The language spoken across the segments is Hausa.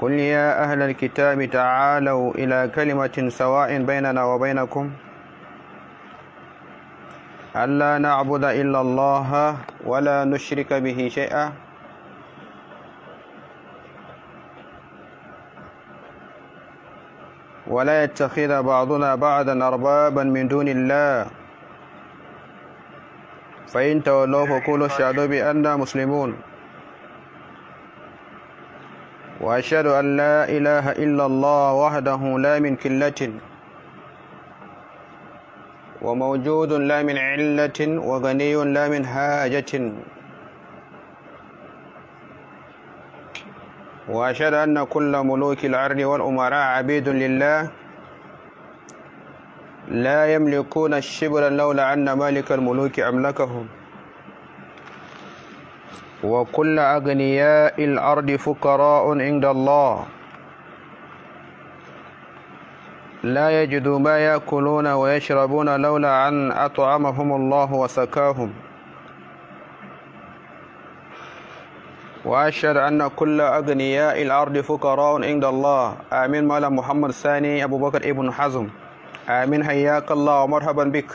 قل يا أهل الكتاب تعالوا إلى كلمة سواء بيننا وبينكم ألا نعبد إلا الله ولا نشرك به شيئا ولا يتخذ بعضنا بعضا أربابا من دون الله فإن تولوا فقولوا اشهدوا بأننا مسلمون وأشهد أن لا إله إلا الله وحده لا من كلة وموجود لا من علة وغني لا من حاجة وأشهد أن كل ملوك الأرض والأمراء عبيد لله لا يملكون الشبر لولا أن مالك الملوك أملكهم وكل أغنياء الأرض فقراء عند الله لا يجدوا ما يأكلون ويشربون لولا أن أطعمهم الله وسكاهم وأشهد أن كل أغنياء الأرض فقراء عند الله آمين مولى محمد الثاني أبو بكر ابن حزم آمين حياك الله ومرحبا بك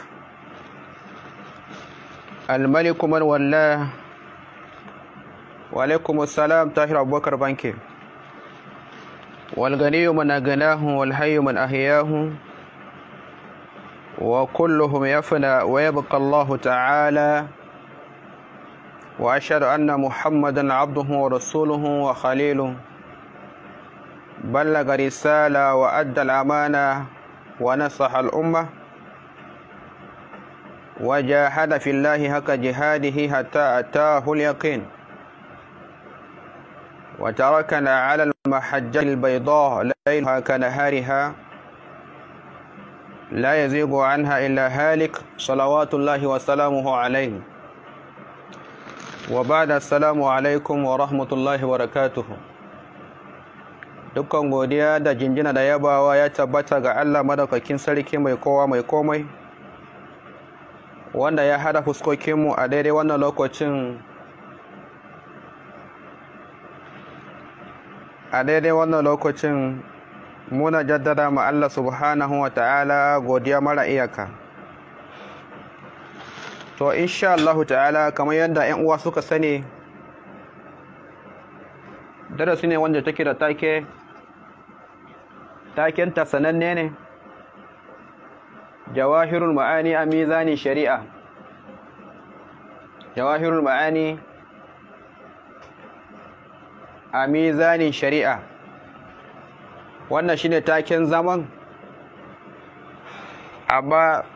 الملك من ولاه وعليكم السلام تاهر أبو بكر بانكي والغني من أغناه والحي من أحياه وكلهم يفنى ويبقى الله تعالى وأشهد أن محمدا عبده ورسوله وخليله بلغ رسالة وأدى الأمانة ونصح الأمة وجاهد في الله حق جهاده حتى أتاه اليقين وتركنا على المحجة البيضاء ليلها كنهارها لا يزيغ عنها إلا هالك صلوات الله وسلامه عليه وبعد السلام alaikum wa rahmatullahi wa dukkan godiya da jinjina da yabawa ya tabbata ga Allah madaukakin sarki mai kowa mai komai wanda ya hada fuskokinmu a daidai wannan lokacin a daidai wannan lokacin muna jaddada ma Allah subhanahu wa ta'ala godiya mara iyaka to insha Allah ta'ala kamar yadda 'yan uwa suka sani darasi ne wanda take da take takenta sananne ne jawahirul ma'ani a mizanin shari'a jawahirul ma'ani a mizanin shari'a wannan shine taken zaman amma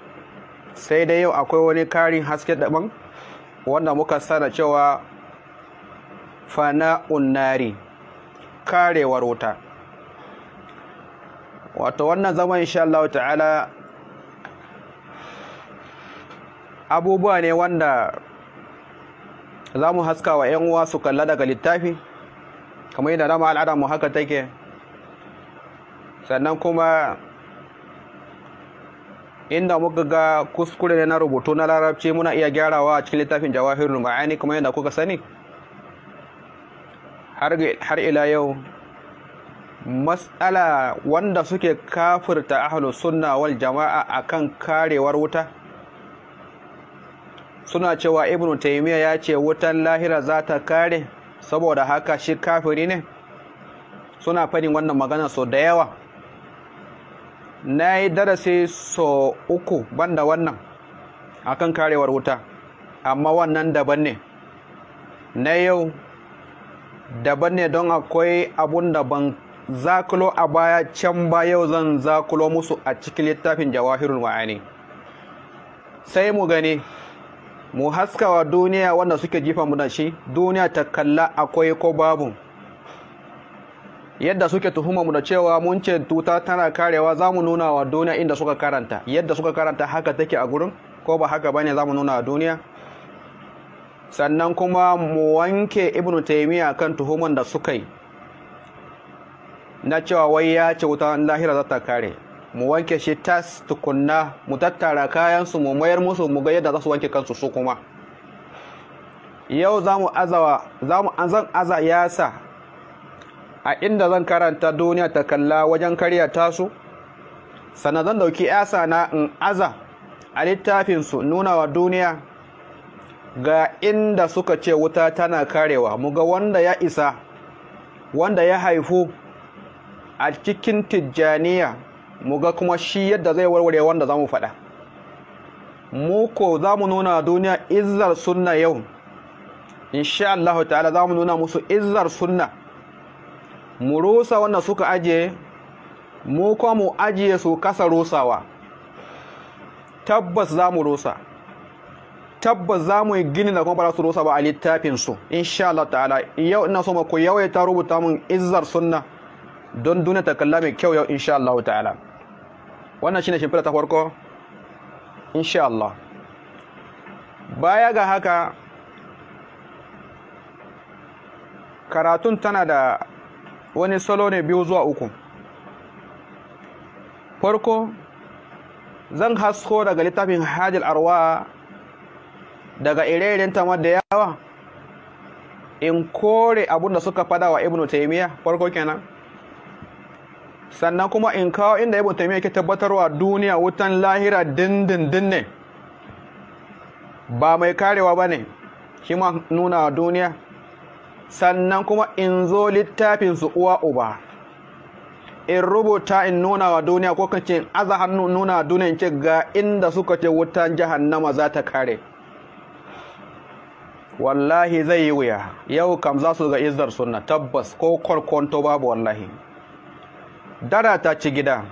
sai dai yau akwai wani karin haske daban wanda muka sana cewa fana'un nari karewar wuta wato wannan zaman insha Allah ta'ala abubuwa ne wanda za mu haska wa 'yan uwa su kalla daga littafi kamar yadda dama al'ada mu haka take sannan kuma inda muka ga kuskure na rubutu na larabci muna iya gyarawa a cikin littafin jawahirul ma'ani kuma yadda kuka sani har ila yau matsala wanda suke kafirta ahlus sunna wal jama'a akan karewar wuta suna cewa ibnu taymiya ya ce wutan lahira za ta kare saboda haka shi kafiri ne suna faɗin wannan magana so da yawa na yi darasi so uku banda wannan akan karewar wuta amma wannan daban ne na yau daban ne don akwai abun daban. ban zakulo a baya can ba yau zan zakulo musu a cikin littafin jawahirun wa'ani. sai mu gani mu haskawa duniya wanda suke jifa mu da shi duniya ta kalla akwai ko babu yadda suke tuhuma mu da cewa mun ce tuta tana karewa za mu nuna wa duniya inda suka karanta yadda suka karanta haka take a gurin ko ba haka bane za mu nuna wa duniya sannan kuma mu wanke Ibn taymiya kan tuhuman da suka yi na cewa wai ya ce wuta lahira za ta kare mu wanke shi tas tukunna mu tattara kayansu mu mayar musu mu ga yadda za su wanke kansu su kuma yau za mu azawa za mu zan aza yasa a inda zan karanta duniya ta kalla wajen karya tasu Sana zan dauki yasa na in aza a littafinsu nuna wa duniya ga inda suka ce wuta tana karewa mu ga wanda ya isa wanda ya haifu a cikin tijjaniya mu ga kuma shi yadda zai warware wanda za mu faɗa mu ko za mu nuna duniya izar sunna yau insha Allah ta'ala za mu nuna musu izar sunna mu rusa wanda suka ajiye mu kuma mu ajiye su kasa rusawa tabbas za mu rusa tabbas za mu yi gini da kuma ba su rusa ba a littafinsu insha Allah ta'ala yau ina so ma ku yawaita rubuta mun izar sunna don duniya ta kalla mai kyau yau insha Allah ta'ala wannan shine shimfiɗa ta farko insha Allah baya ga haka karatun tana da wani salo ne biyu zuwa uku farko zan hasko daga littafin hajjil arwa daga ire-iren yawa in kore abinda suka fada wa ibnu taimiyya farko kenan sannan kuma in kawo inda ibn taymiya yake tabbatarwa duniya wutan lahira dindindin ne ba mai karewa ba ne shi ma nuna duniya sannan kuma in zo littafin su uwa uba in rubuta in nuna wa duniya ko kace in aza hannu nuna wa duniya ce ga inda suka ce wutan jahannama za ta kare wallahi zai yi wuya yau kam za su ga izar sunna tabbas ko kwarkwanto babu wallahi dara ta ci gida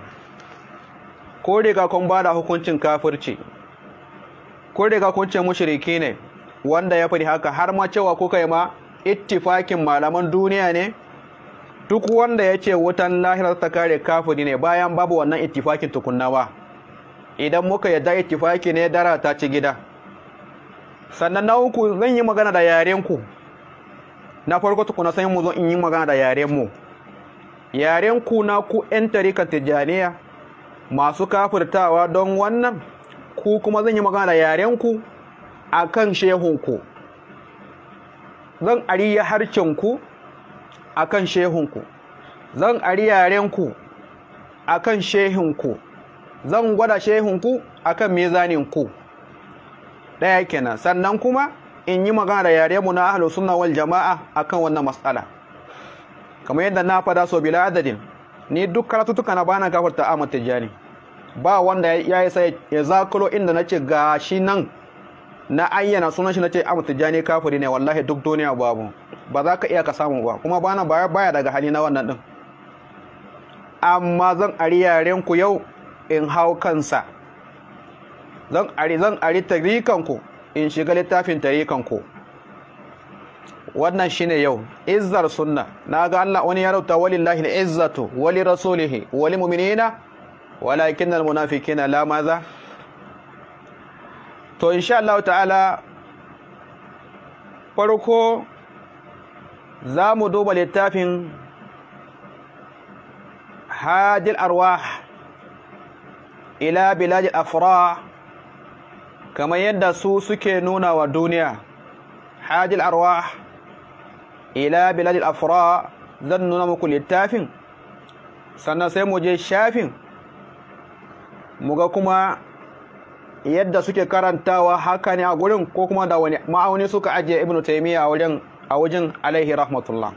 ko riga kun ba da hukuncin kafirci ko riga kun ce mushriki ne wanda ya fi haka har ma cewa kuka yi ma ittifakin malaman duniya ne duk wanda ya ce wutan lahirar ta kare kafiri ne bayan babu wannan ittifakin tukunnawa idan muka yadda ittifaki ne dara ta ci gida sannan na uku zan yi magana da yarenku. na farko tukuna sai mu zo in yi magana da yaren mu yaren kuna ku 'yan tarika tijjaniya masu kafirtawa don wannan ku kuma zan yi magana yaren ku a kan shehunku zan ariya harcinku a kan shehunku zan ari yarenku a kan shehunku zan gwada shehunku a kan mezaninku ɗaya kenan sannan kuma in yi magana da yarenmu na ahalusunna wal jama'a a kan wannan matsala kamar yadda na fada so bila adadin ni duk karatutuka na bana gafarta Ahmad Tijjani ba wanda ya yi sai ya zakulo inda nace gashi nan na ayyana sunan shi nace Ahmad Tijjani kafiri ne wallahi duk duniya babu ba za ka iya ka samu ba kuma bana baya baya daga hali na wannan din amma zan ari yaren ku yau in hau kansa zan ari zan ari tarikan ku in shiga littafin tarikan ku wannan shine yau izzar sunna Na ga Allah wani ya rauta walillahi al-izzatu wali rasulihi wali mu'minina walakin al-munafiqina la maza to insha Allah ta'ala farko za mu duba littafin hadil arwah ila bilad afra kamar yadda su suke nuna wa duniya hadil arwah ila biladil afra zan nuna muku littafin sannan sai mu je shafin Muga kuma yadda suke karantawa haka ne a gurin ko kuma da wani ma'auni suka ajiye ibnu taymiya a wajen a wajen alaihi rahmatullah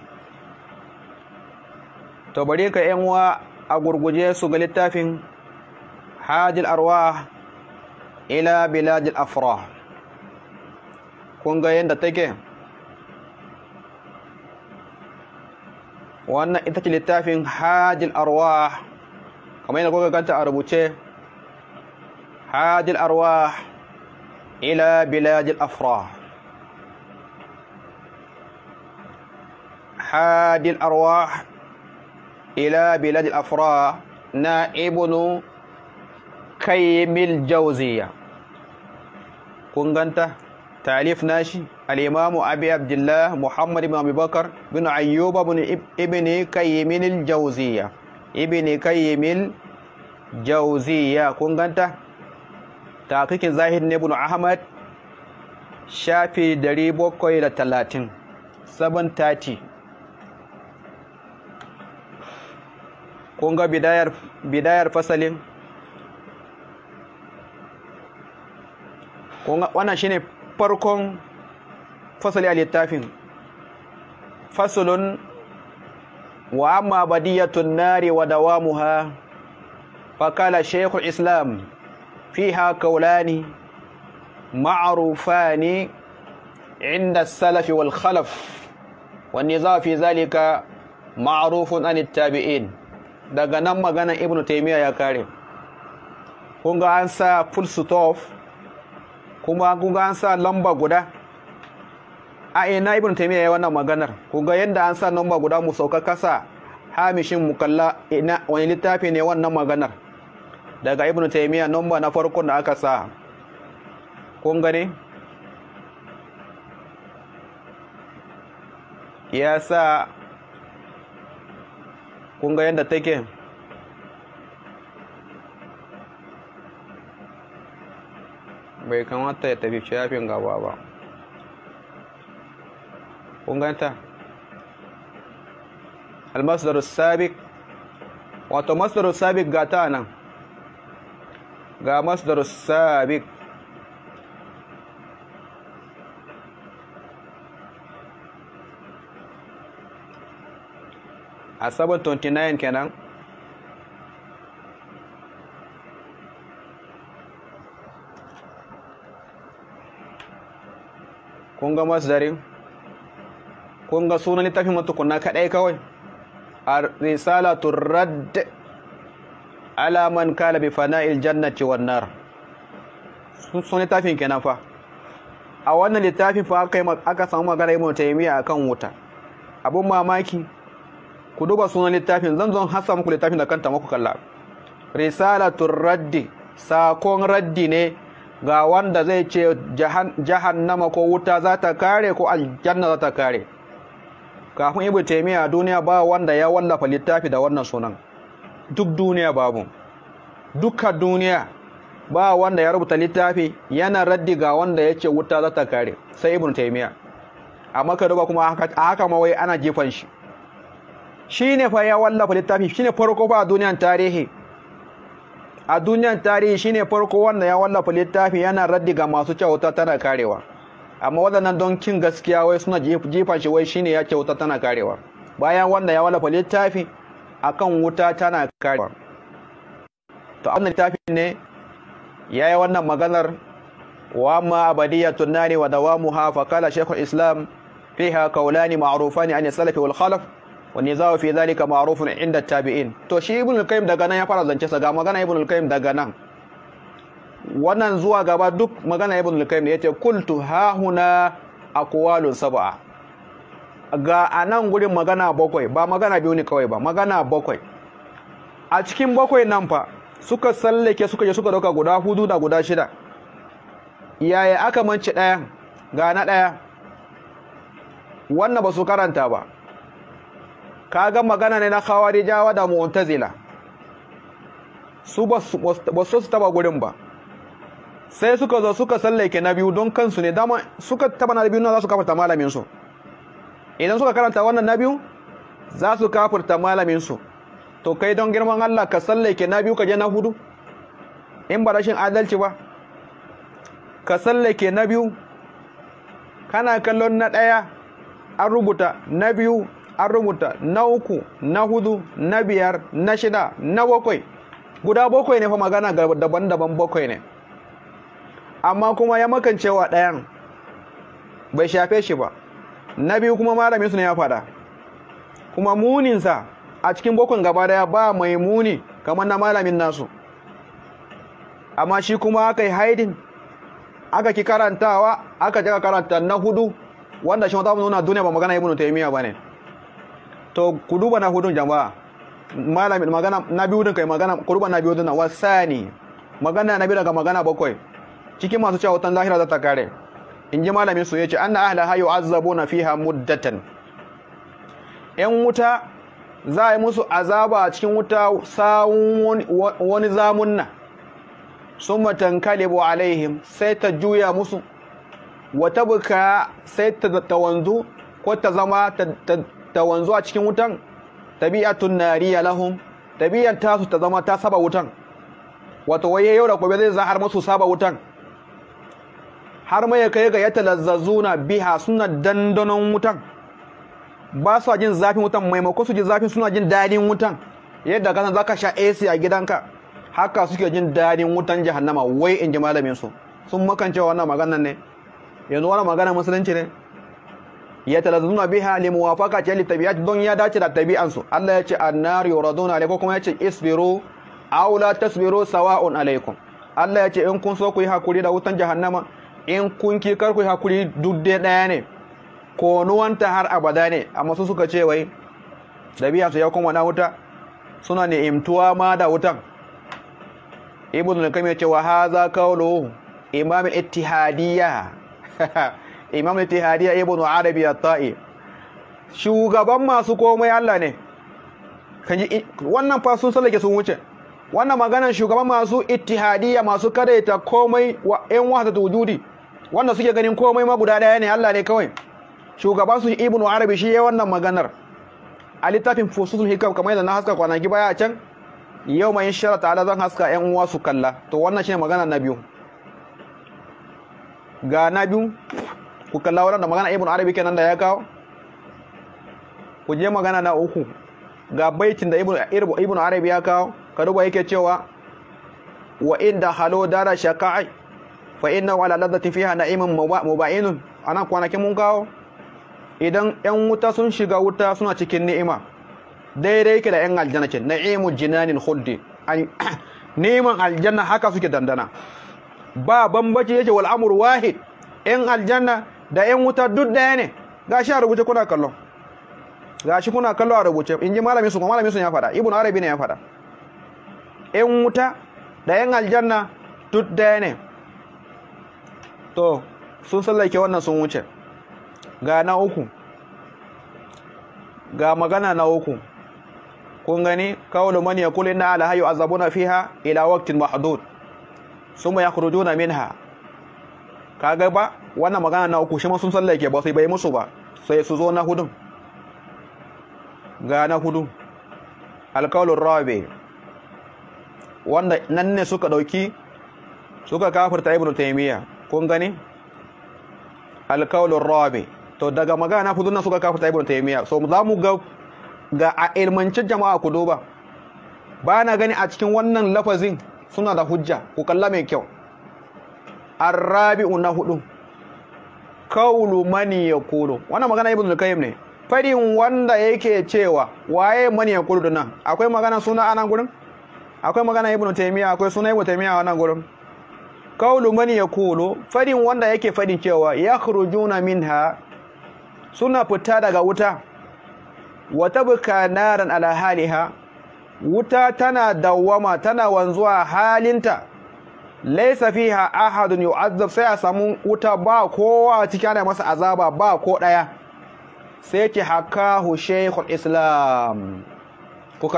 to bari ka yan uwa a gurguje su ga littafin hadil arwah ila biladil Afra. kun ga yadda take wannan ita ce littafin hajjil arwa kamar yana kuka ganta a rubuce hajjil arwa ila biladil afra hajjil arwa ila biladil afra na ibnu kaimil jauziya kun ganta talif nashi Alimamu Abi Abdullahi Muhammadu Muhammadu Bakar, bani a yi yuba mini ibin kai ya yi minin jauzaiya, ibin kai ya ne buni Ahmad shafi dari bakwai da talatin, sabon tati, kuma bidayar fasalin kuna wannan shine farkon fasali a littafin fasulun wa amma badiyatun nari wa dawamuha fakala shekul islam fiha kaulani معروفان عند السلف والخلف والنزاع fi zalika معروف عن التابعين daga nan magana ibnu taymiya ya kare kun ga an sa full stop kuma kun ga an sa lamba guda a ina ibn taymiya ya wannan maganar ku ga yadda an sa namba guda mu sauka kasa hamishin mu kalla ina wani littafi ne wannan maganar daga ibn taymiya namba na farkon da aka sa kun gane ya sa kun ga yadda take bai kamata ya tafi shafin gaba ba kun ganta almasdarus sabiq wato masdarus sabiq ga ta nan ga masdarus sabiq a 729 kenan kun ga masdarin kun ga sunan littafin matukunna kaɗai kawai a risalatun radd alaman kalabi fana fana'il jannati wannan. nar sun littafin kenan fa a wannan littafin fa aka samu magana yi a akan wuta Abin mamaki ku duba sunan littafin zan zon hasa muku littafin da kanta muku kalla risalatun raddi sakon raddi ne ga wanda zai ce jahannama ko wuta za ta kare ko aljanna za ta kare kafin ibu taymiya duniya ba wanda ya wallafa littafi da wannan sunan duk duniya babu duka duniya ba wanda ya rubuta littafi yana raddi ga wanda yake wuta za ta kare sai ibu taymiya amma ka duba kuma a haka ma wai ana jefan shi Shi ne fa ya wallafa littafi shi ne farko fa a duniyan tarihi a duniyan tarihi ne farko wanda ya wallafa littafi yana raddi ga masu cewa wuta tana karewa amma waɗannan don kin gaskiya wai suna jefa shi wai shine yake wuta tana karewa bayan wanda ya wallafa littafi akan wuta tana karewa to abin littafi ne ya yi wannan maganar wa ma abadiyatun nari wa dawamuha fa qala shaykhul islam fiha qawlani ma'rufani an salafi wal khalaf wa nizaa'u fi dhalika ma'rufun inda tabi'in to shi ibn al-qayyim daga nan ya fara zance sa ga magana ibn qayyim daga nan wannan zuwa gaba duk magana ibn al-qayyim ne yace kultu ha huna aqwalun sab'a ga anan gurin magana bakwai ba magana biyu ne kawai ba magana bakwai a cikin bakwai nan fa suka sallake suka je suka dauka guda hudu da guda shida yaya aka manci daya ga na daya wannan ba su karanta ba Ka ga magana ne na khawarijawa da mu'tazila su ba su taba gurin ba sai suka zo suka sallake na biyu don kansu ne dama suka taba na biyu na za su kafarta malaminsu idan suka karanta wannan na biyu za su kafarta malaminsu to kai don girman Allah ka sallake na biyu ka je na hudu in ba rashin adalci ba ka sallake na biyu kana kallon na ɗaya an rubuta na biyu an rubuta na uku na hudu na biyar na shida na bakwai guda bakwai ne fa magana daban-daban bakwai ne amma kuma ya makancewa ɗayan bai shafe shi ba na biyu kuma malamin su ne ya fada kuma muninsa a cikin bokon gaba daya ba mai muni kamar na malamin nasu amma shi kuma aka yi haidin aka ki karantawa aka jaga karanta na hudu wanda shi wata nuna duniya ba magana ibn taymiya ba ne to ku duba na hudun jama'a malamin magana na biyu din kai magana ku duba na biyu wasani magana na biyu daga magana bakwai cikin masu cewa wutan lahira za ta kare in ji malamin su yace anna ahlaha yu'azzabuna fiha muddatan yan wuta za a yi musu azaba a cikin wuta sawun wani na sun kalibu alaihim sai ta juya musu wata buka sai ta tawanzu ko ta zama ta wanzu a cikin wutan tabi'atun nariya lahum tabi'an tasu ta zama ta saba wutan wato waye yau da gobe zai zahar musu saba wutan har ma ya kai ga ya na biha suna dandanon wutan ba su jin zafin wutan maimako su ji zafin suna jin dadin wutan yadda kana zaka sha AC a gidanka haka suke jin dadin wutan jahannama wai in ji malamin su sun makance wannan maganan ne yanzu wannan magana musulunci ne ya biya biha li muwafaqati li tabi'at don ya dace da su. Allah ya ce annar yuraduna alaykum kuma ya ce isbiru aw la tasbiru sawa'un alaykum Allah ya ce in kun so ku yi hakuri da wutan jahannama in kun ki karku hakuri duk dai ɗaya ne konuwanta har abada ne amma su suka ce wai dabiya su ya kuma na wuta suna ne imtuwa ma da wutan ibn al-qayyim ya ce wa hadha qawlu imam al-ittihadiyya imam al-ittihadiyya ibn arabi at-ta'i shugaban masu komai Allah ne kanji wannan fa sun sallake sun wuce wannan maganar shugaban masu ittihadiyya masu kareta komai wa ƴan ta wujudi wanda suke ganin komai ma guda daya ne Allah ne kawai shugaban su ibnu arabi shi yayin wannan maganar a littafin fususul hikam kamar yadda na haska kwanaki baya a can yau mai insha Allah ta'ala zan haska ƴan uwa su kalla to wannan shine magana na biyu ga na biyu ku kalla wannan da magana ibnu arabi kenan da ya kawo ku je magana na uku ga baitin da ibnu arabi ya kawo kaduba yake cewa wa inda halo dara shaka'i fa inna wala ladati fiha na'imun mubainun anan kwanakin mun kawo idan yan wuta sun shiga wuta suna cikin ni'ima daidai yake da yan aljanna ce na'imu jinanin khuldi ni'iman aljanna haka suke dandana ba bambaci yake wal amru wahid yan aljanna da yan wuta duk daya ne gashi a rubuce kuna kallo gashi kuna kallo a rubuce in ji malamin su malamin su ya faɗa ibnu arabi ne ya faɗa 'yan wuta da 'yan aljanna duk daya ne to sun sallake wannan sun wuce ga na uku ga magana na uku kun gani kawulu man yaqul inna ala hayyu azabuna fiha ila kudu mahdud min ha. minha kaga ba wannan magana na uku shi ma sun sallake ba sai bai musu ba sai su zo na hudun ga na hudun alkawalin rabe wanda nan ne suka dauki suka kafirta ibnu taymiya kun gani alqaulur rabi to daga magana hudu suka kafirta ibnu taymiya so za mu ga ga a ilmancin jama'a ku duba ba na gani a cikin wannan lafazin suna da hujja ku kalla mai kyau arrabi'u na hudu kaulu mani ya kulu wannan magana ibn al ne fadin wanda yake cewa waye mani ya kulu nan akwai magana suna anan gurin akwai magana ibnu taymiya akwai sunan ibnu taymiya wannan gurin qawlu man yaqulu fadin wanda yake fadin cewa yakhrujuna minha suna fita daga wuta wa tabka naran ala haliha wuta tana dawwama tana wanzuwa halinta laisa fiha ahadun yu'azzab sai a samu wuta ba kowa cikin ana masa azaba ba ko daya sai ki hakahu shaykhul islam ku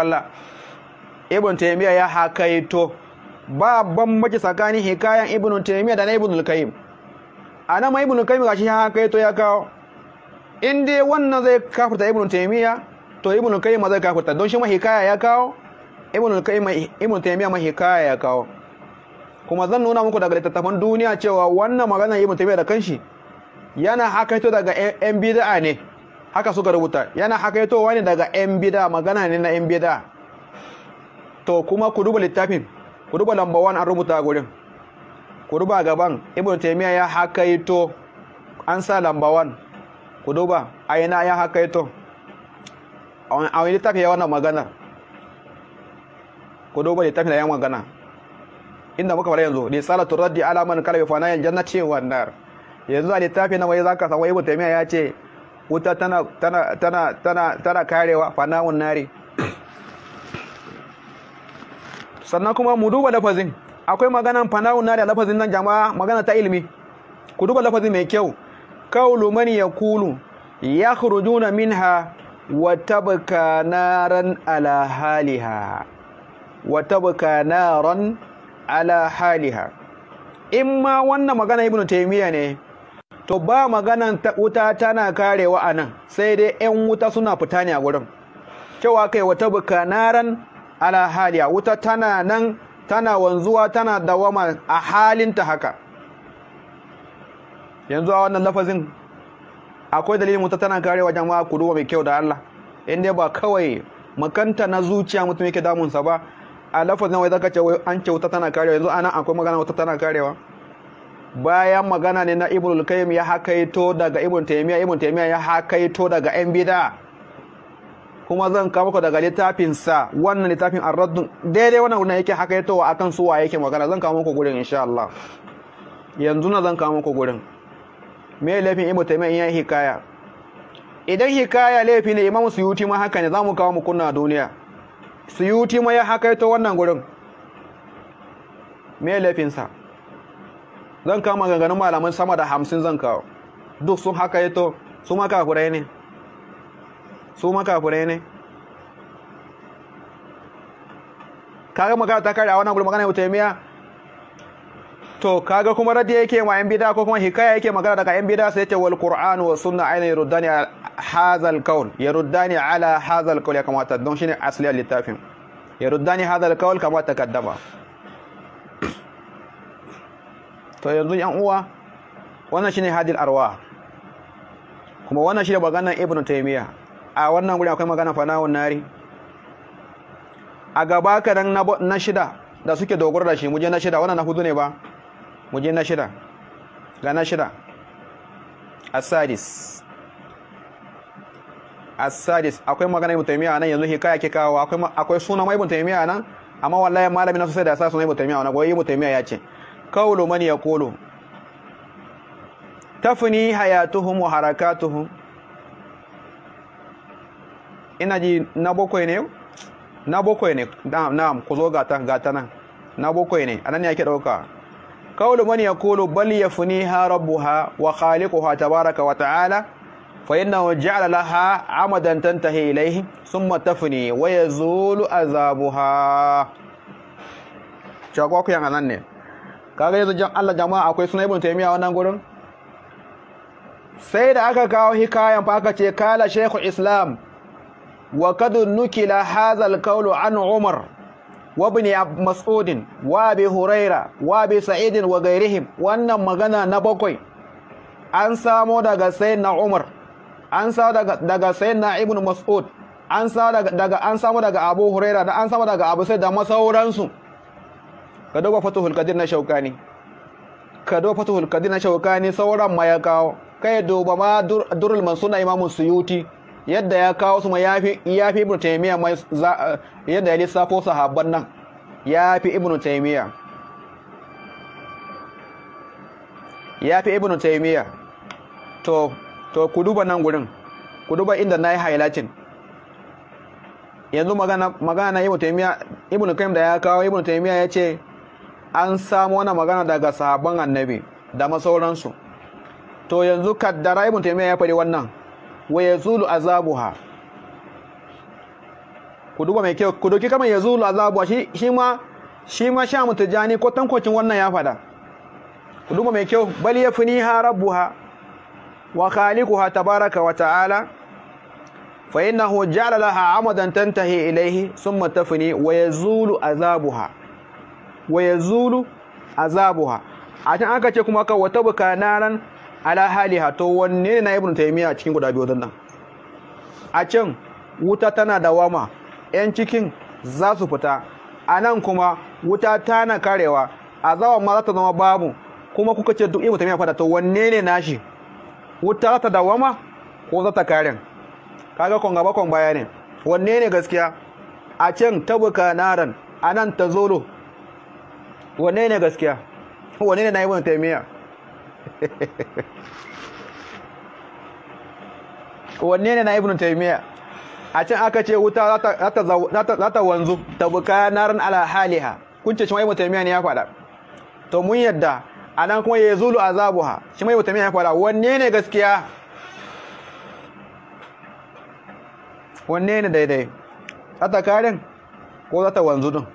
ibn taymiya ya hakaito ba bambanci tsakanin hikayan ibn taymiya da na ibn al-qayyim ana ma ibn al-qayyim gashi ya hakaito ya kawo in dai wannan zai kafirta ibn taymiya to ibn al-qayyim zai kafirta don shi ma hikaya ya kawo ibn al-qayyim ibn taymiya ma hikaya ya kawo kuma zan nuna muku daga littattafan duniya cewa wannan magana ibn taymiya da kanshi yana hakaito daga yan bid'a ne haka suka rubuta yana hakaito ne daga yan bid'a magana ne na yan bid'a to kuma ku duba littafin ku duba lamba wani an rubuta gurin ku duba gaban ibn taymiya ya to an sa lamba wani ku duba a yana ya to a wani littafi ya wannan magana ku duba littafin da ya magana inda muka fara yanzu risalatu raddi ala man kalbi fanayan jannati wan wannan. yanzu a littafi na wai zaka samu ibn taymiya ya ce wuta tana tana tana tana tana karewa fanawun nari sannan kuma mu duba lafazin akwai maganan fanauna na da lafazin nan jama'a magana ta ilimi ku duba lafazin mai kyau kaulu man kulu. yakhrujuna minha wa tabka naran ala haliha wa tabka naran ala haliha in ma wannan magana ibnu taymiya ne to ba maganan wuta tana karewa a nan sai dai 'yan wuta suna fita ne a gurin cewa kai wata bukanaran ala haliya wuta tana nan tana wanzuwa tana dawama a halinta haka yanzu a wannan lafazin akwai dalilin wuta tana karewa jama'a ku wa mai kyau da Allah in ba kawai makanta na zuciya mutum yake damunsa ba a lafazin wai zaka ce wai an ce wuta tana karewa yanzu anan akwai magana wuta tana karewa bayan magana ne na ibnul qayyim ya hakaito daga ibn taymiya ibn taymiya ya hakaito daga yan bid'a kuma zan kawo muku daga littafin sa wannan littafin arraddun daidai wannan wannan yake haka ya towa akan su wa yake magana zan kawo muku gurin insha Allah yanzu na zan kawo muku gurin me laifin Ibn in ya hikaya idan hikaya laifi ne Imam Suyuti ma haka ne za mu kawo muku na duniya Suyuti ma ya haka to wannan gurin me laifin sa zan kawo maganganun malaman sama da hamsin zan kawo duk sun haka to su ma kafurai ne su makafurai ne kaga magana ta kare a wannan gurin magana ibnu taymiya to kaga kuma radda yake ma yan bid'a ko kuma hikaya yake magana daga yan bid'a sai ce wal qur'an wa sunna ayna yuruddani Hazal kaul qawl yuruddani ala hadha kaul ya kamata don shine asli al littafin yuruddani Hazal al kamata kama to yanzu yan uwa wannan shine hadil arwa kuma wannan shine maganar ibnu taymiyah a wannan guri akwai magana fana'un nari a gaba ka nan na shida da suke dogaro da shi muje na shida wannan na hudu ne ba muje na shida ga na shida asadis asadis akwai magana ibn taymiya nan yanzu hikaya ke kawo akwai akwai sunan ibn taymiya nan amma wallahi malami na sosai da sa sunan ibn taymiya wannan goyi ibn taymiya ya ce qawlu man yaqulu tafni hayatuhum wa harakatuhum ina ji na bakwai ne na bakwai ne na'am ku zo gata gata nan na bakwai ne anan ne ake dauka kaulu man yaqulu bal yafniha rabbuha wa khaliquha tabaraka wa ta'ala fa innahu ja'ala laha 'amadan tantahi ilayhi thumma tafni wa yazulu azabuha jagwa ku yan anan ne kaga yanzu Allah jama'a akwai sunan ibn taymiya wannan gurin sai da aka kawo hikayan fa aka ce kala shaykhul islam wa kad nukila hadha al an umar wa ibn Mas'udin, wa bi huraira wa bi sa'id wa gairihim wannan magana na bakwai an samo daga sayyidina umar an samo daga daga sayyidina ibn mas'ud an samo daga an samo daga abu huraira da an samo daga abu sai da masauransu ka dogo fatuhul qadir na shaukani ka dogo fatuhul qadir na shaukani sauran ma ya kawo kai duba ma durul mansuna imamu suyuti yadda ya kawo su ma ya fi ibnu taimiyya mai yadda ya lissafo sahabban nan ya fi ibnu taimiyya ya fi ibnu taimiyya to to ku duba nan gurin ku duba inda na yi highlighting yanzu magana magana ibnu taimiyya ibnu kaim da ya kawo ibnu taimiyya ya ce an samu wani magana daga sahabban annabi da masauransu to yanzu kaddara ibnu taimiyya ya faɗi wannan wa yazulu ha ku duba mai kyau ku doki kamar yazulu azabuha shi shi ma shi ma sha jani ko tankocin wannan ya fada ku duba mai kyau bal rabu ha wa ha tabaraka wa ta'ala fa innahu la ha 'amadan tantahi ilayhi thumma tafni wa yazulu ha wa yazulu ha a can aka ce kuma ka wata buka naran ala haliha to wanne ne na ibnu taymiya cikin guda biyu nan a can wuta tana dawama yan cikin za su fita a nan kuma wuta tana karewa A zawa ma za ta zama babu kuma kuka ce duk ibnu taymiya fada to wanne ne nashi wuta za ta dawama ko za ta kare? kaga kon gaba kon baya ne wanne ne gaskiya a can tabuka naran a nan ta zolo wanne ne gaskiya wanne ne na ibnu taymiya wanne ne na ibnu taimiyya a can aka ce wuta za ta wanzu ta buka narin ala haliha kun ce shi ibnu taymiya ne ya faɗa to mun yadda a nan kuma ya zulu azabuha shi ibnu mutaimiyya ya faɗa wanne ne gaskiya wanne ne daidai za ta karin ko za ta wanzu din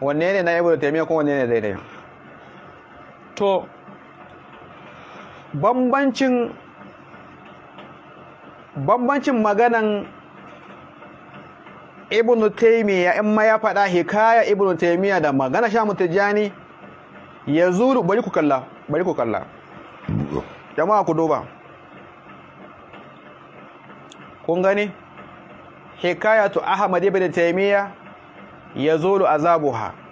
wanne ne na ibnu taimiyya ko wanne ne daidai to bambancin bambancin maganan ibn taymiya in ma ya faɗa hikaya ibn taymiya da magana sha mutajani ya zuru bari ku kalla bari ku kalla jama'a ku duba kun gani Hikaya hikayatu ahmad ibn taymiya ya zuru azabuha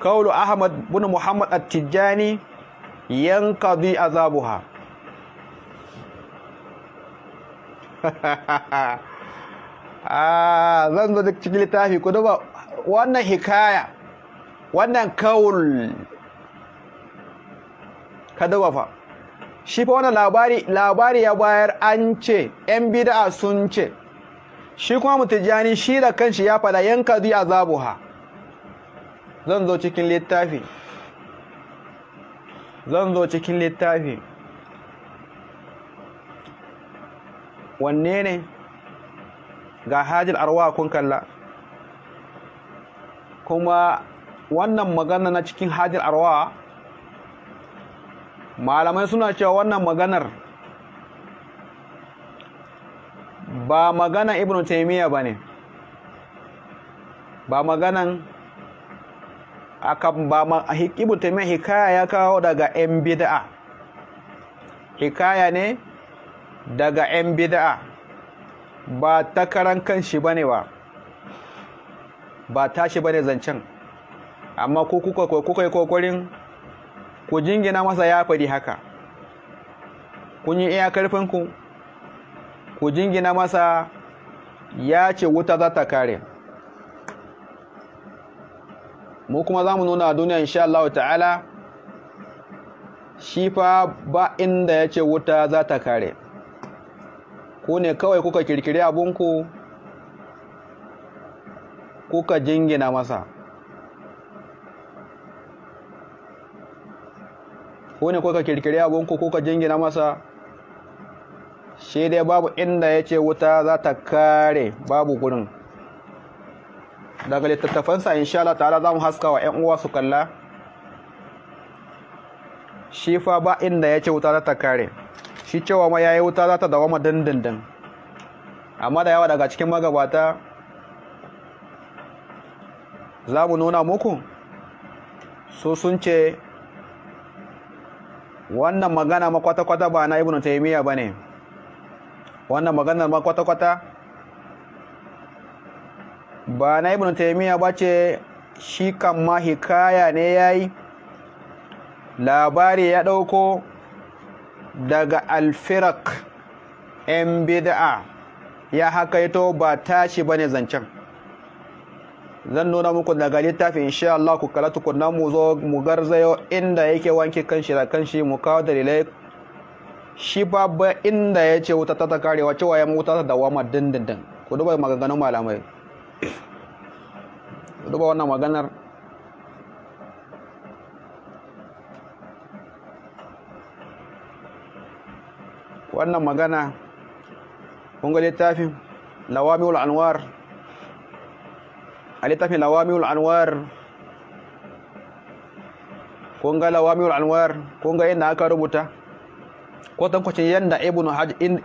kaulu ahmad bin muhammad at-tijjani yanqadi azabuha ah zan zo duk cikin littafi ku duba wannan hikaya wannan kawul ka duba fa shi fa wannan labari labari ya bayar an ce yan bid'a sun ce shi kuma mutijani shi da kanshi ya fada yanka zai azabuha zan zo cikin littafi zan zo cikin littafi wanne ne ga hajjil arwa kun kalla kuma wannan magana na cikin hajjil arwa malamai suna cewa wannan maganar ba magana ibn taimiyya ba ne ba maganan hakan ba man ibn mai hikaya ya kawo daga yan bida'a hikaya ne daga yan bida'a ba ta karan kanshi bane ba ba tashi ne zancen amma ku kuka kuka yi ku jingina masa ya faɗi haka kun yi iya karfinku ku jingina masa ya ce wuta za ta kare mu kuma za mu nuna duniya insha Allah ta'ala shi fa ba inda ya ce wuta za ta kare ku ne kawai kuka kirkiri abunku kuka jingina masa ku ne kuka kirkiri abunku kuka jingina masa shi dai babu inda ya ce wuta za ta kare babu gurin daga littattafansa insha Allah ta'ala za mu haska wa 'yan uwa su kalla shi fa ba inda ya ce wuta za ta kare shi cewa ma yayi wuta za ta dawama dindindin amma da yawa daga cikin magabata za mu nuna muku su sun ce wannan magana makwata-kwata ba na ibnu taimiyya ba ne wannan maganar makwata-kwata ba na ibn taymiya ba ce shi kan ma hikaya ne ya yi labari ya ɗauko daga alfirak 'yan bida'a ya hakaito ba tashi ba ne zancen zan nuna muku daga littafi insha Allah ku kala tukunna mu zo mu garzayo inda yake wanke kanshi da kanshi mu kawo dalilai shi babba inda ya ce wuta ta karewa cewa ya wuta ta dawama dindindin ku duba maganganun malamai duba wannan maganar wannan magana kunga littafin lawamiul anwar a littafin lawamiul anwar kunga lawamiul anwar kunga inda aka rubuta ko tankwacin yadda ibn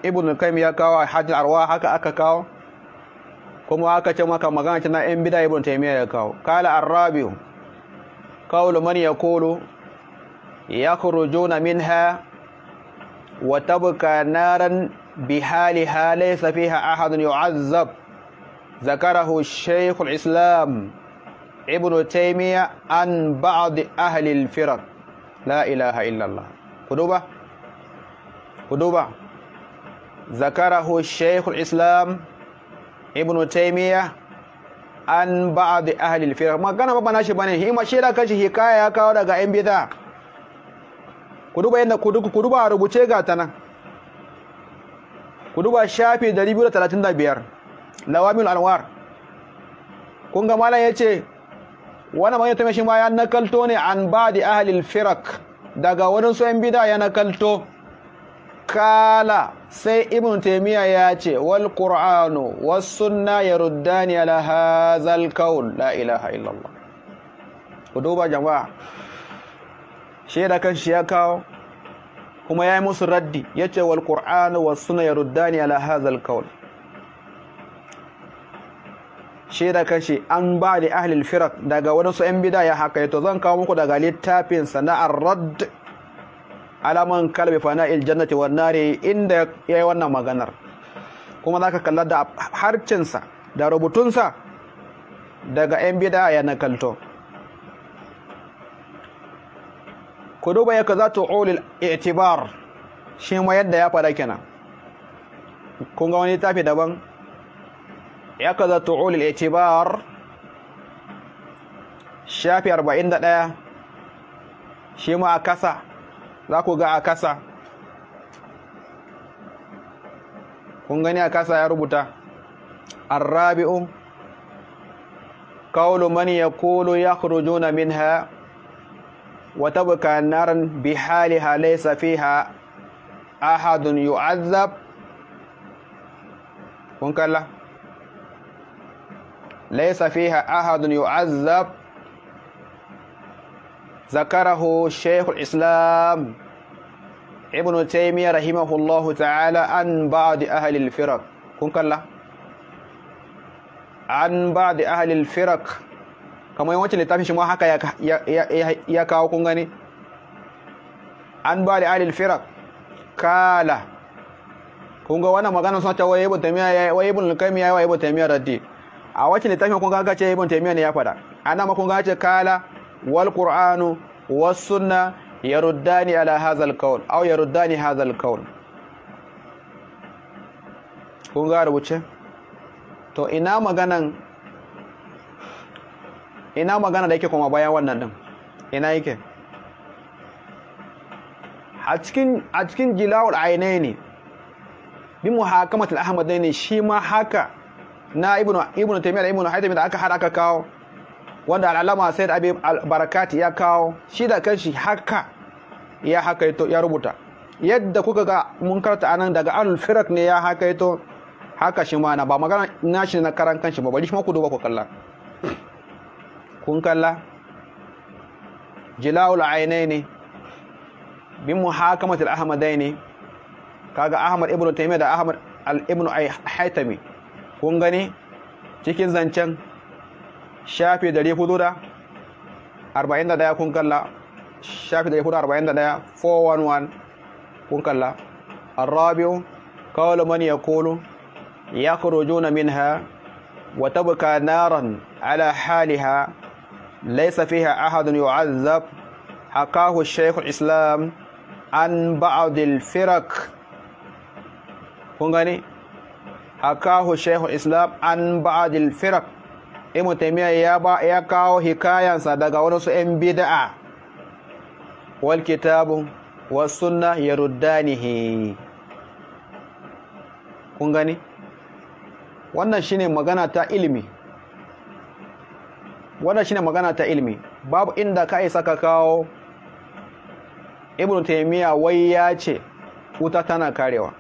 ibn kaim ya kawo hajjin arwa haka aka kawo kuma aka ce maka magana tana yan bida ibn taymiya ya kawo kala arabi qawlu man yaqulu yakhrujuna minha wa tabqa naran bihaliha laysa fiha ahadun yu'azzab ذكره الشيخ islam ابن تيمية an بعض أهل الفرق لا إله إلا الله قدوبة قدوبة ذكره الشيخ islam. ibn taymiya an a da ahalil firq magana ba nashi bane shi ma sheda kashi hikaya ya kawo daga yan bid'a ku duba yanda ku duba rubuce ga ta nan ku duba shafi 235 lawamil alwar kun ga ya yace wannan magana ta shi ma ya nakalto ne an ba da ahalil firak. daga wurin su yan bid'a ya nakalto kala sai ibn taimiyya ya ce wal qur'anu was sunna yaruddani ala hadzal qaul la ilaha illallah ku duba jama'a da kan shi ya kawo kuma ya yi musu raddi ya ce wal na was sunna yaruddani ala shi da kan shi an ba da ahlil firak daga wadansu 'yan bida ya haka yato zan kawo muku daga littafin sana'ar radd alaman kalbi il jannati wa nari inda ya yi wannan maganar kuma za ka kalla da harcinsa da rubutunsa daga yan bid'a ya nakalto ku duba ya kaza ulil i'tibar shi ma yadda ya fara kenan kun ga wani tafi daban ya kaza ulil i'tibar shafi 41 shi ma a kasa za ku ga a kasa kun gani a kasa ya rubuta arrabi'u qawlu man yaqulu yakhrujuna minha wa tabqa naran bihaliha laysa fiha ahadun yu'adhab kun kalla ليس فيها أحد يعذب ذكره شيخ الإسلام ibn taymiya rahimahullahu ta'ala an ba di ahalil firak kun kalla an ba di ahalil firak kamar wancan littafin shi ma haka ya kawo kun gani an ba di ahalil firak kala kun ga wannan magana sun ta waye ibn yi waye ibn al-qayyim waye ibn taymiya raddi a wancan littafin kun ga ce ibn taymiya ne ya fada ana ma kun ga ce kala wal qur'anu was sunna yaruddani ala hazal kaul au yaruddani hazal kaul kun ga rubuce to ina maganan ina magana da yake kuma bayan wannan din ina yake a cikin a cikin jilawul ne bi muhakamatul ahmadaini shi ma haka na ibnu ibnu taymiyyah ibnu haytham da aka har aka kawo wanda al'alama sai da abin albarakati ya kawo shi da kanshi haka ya ito ya rubuta yadda kuka ga mun karta anan daga al firak ne ya haka ito haka shi mana ba magana nashi na karan kanshi ba bari shi ku duba ku kalla kun kalla jila'ul ne bin muhakamatul ahmadaini kaga ahmad ibnu taymiya da ahmad al ibnu haitami kun gani cikin zancen Shafe dari hudu da arba'in da daya kun kalla shafi dari hudu arba'in da daya 411 kun kalla arrabiu kawai man ya kulu ya kurujuna minha wa tabka naran ala haliha laysa fiha ahadun yu'azzab hakahu shaykh islam an Ba'adil, al-firaq kun gani hakahu shaykh islam an Ba'adil, al ibn taymiya ya ba ya kawo hikayansa daga wani su yan bid'a wal kitabu was sunna yaruddanihi kun gani wannan shine magana ta ilimi wannan shine magana ta ilimi babu inda ka isa ka kawo ibn taymiya wai ya ce wuta tana karewa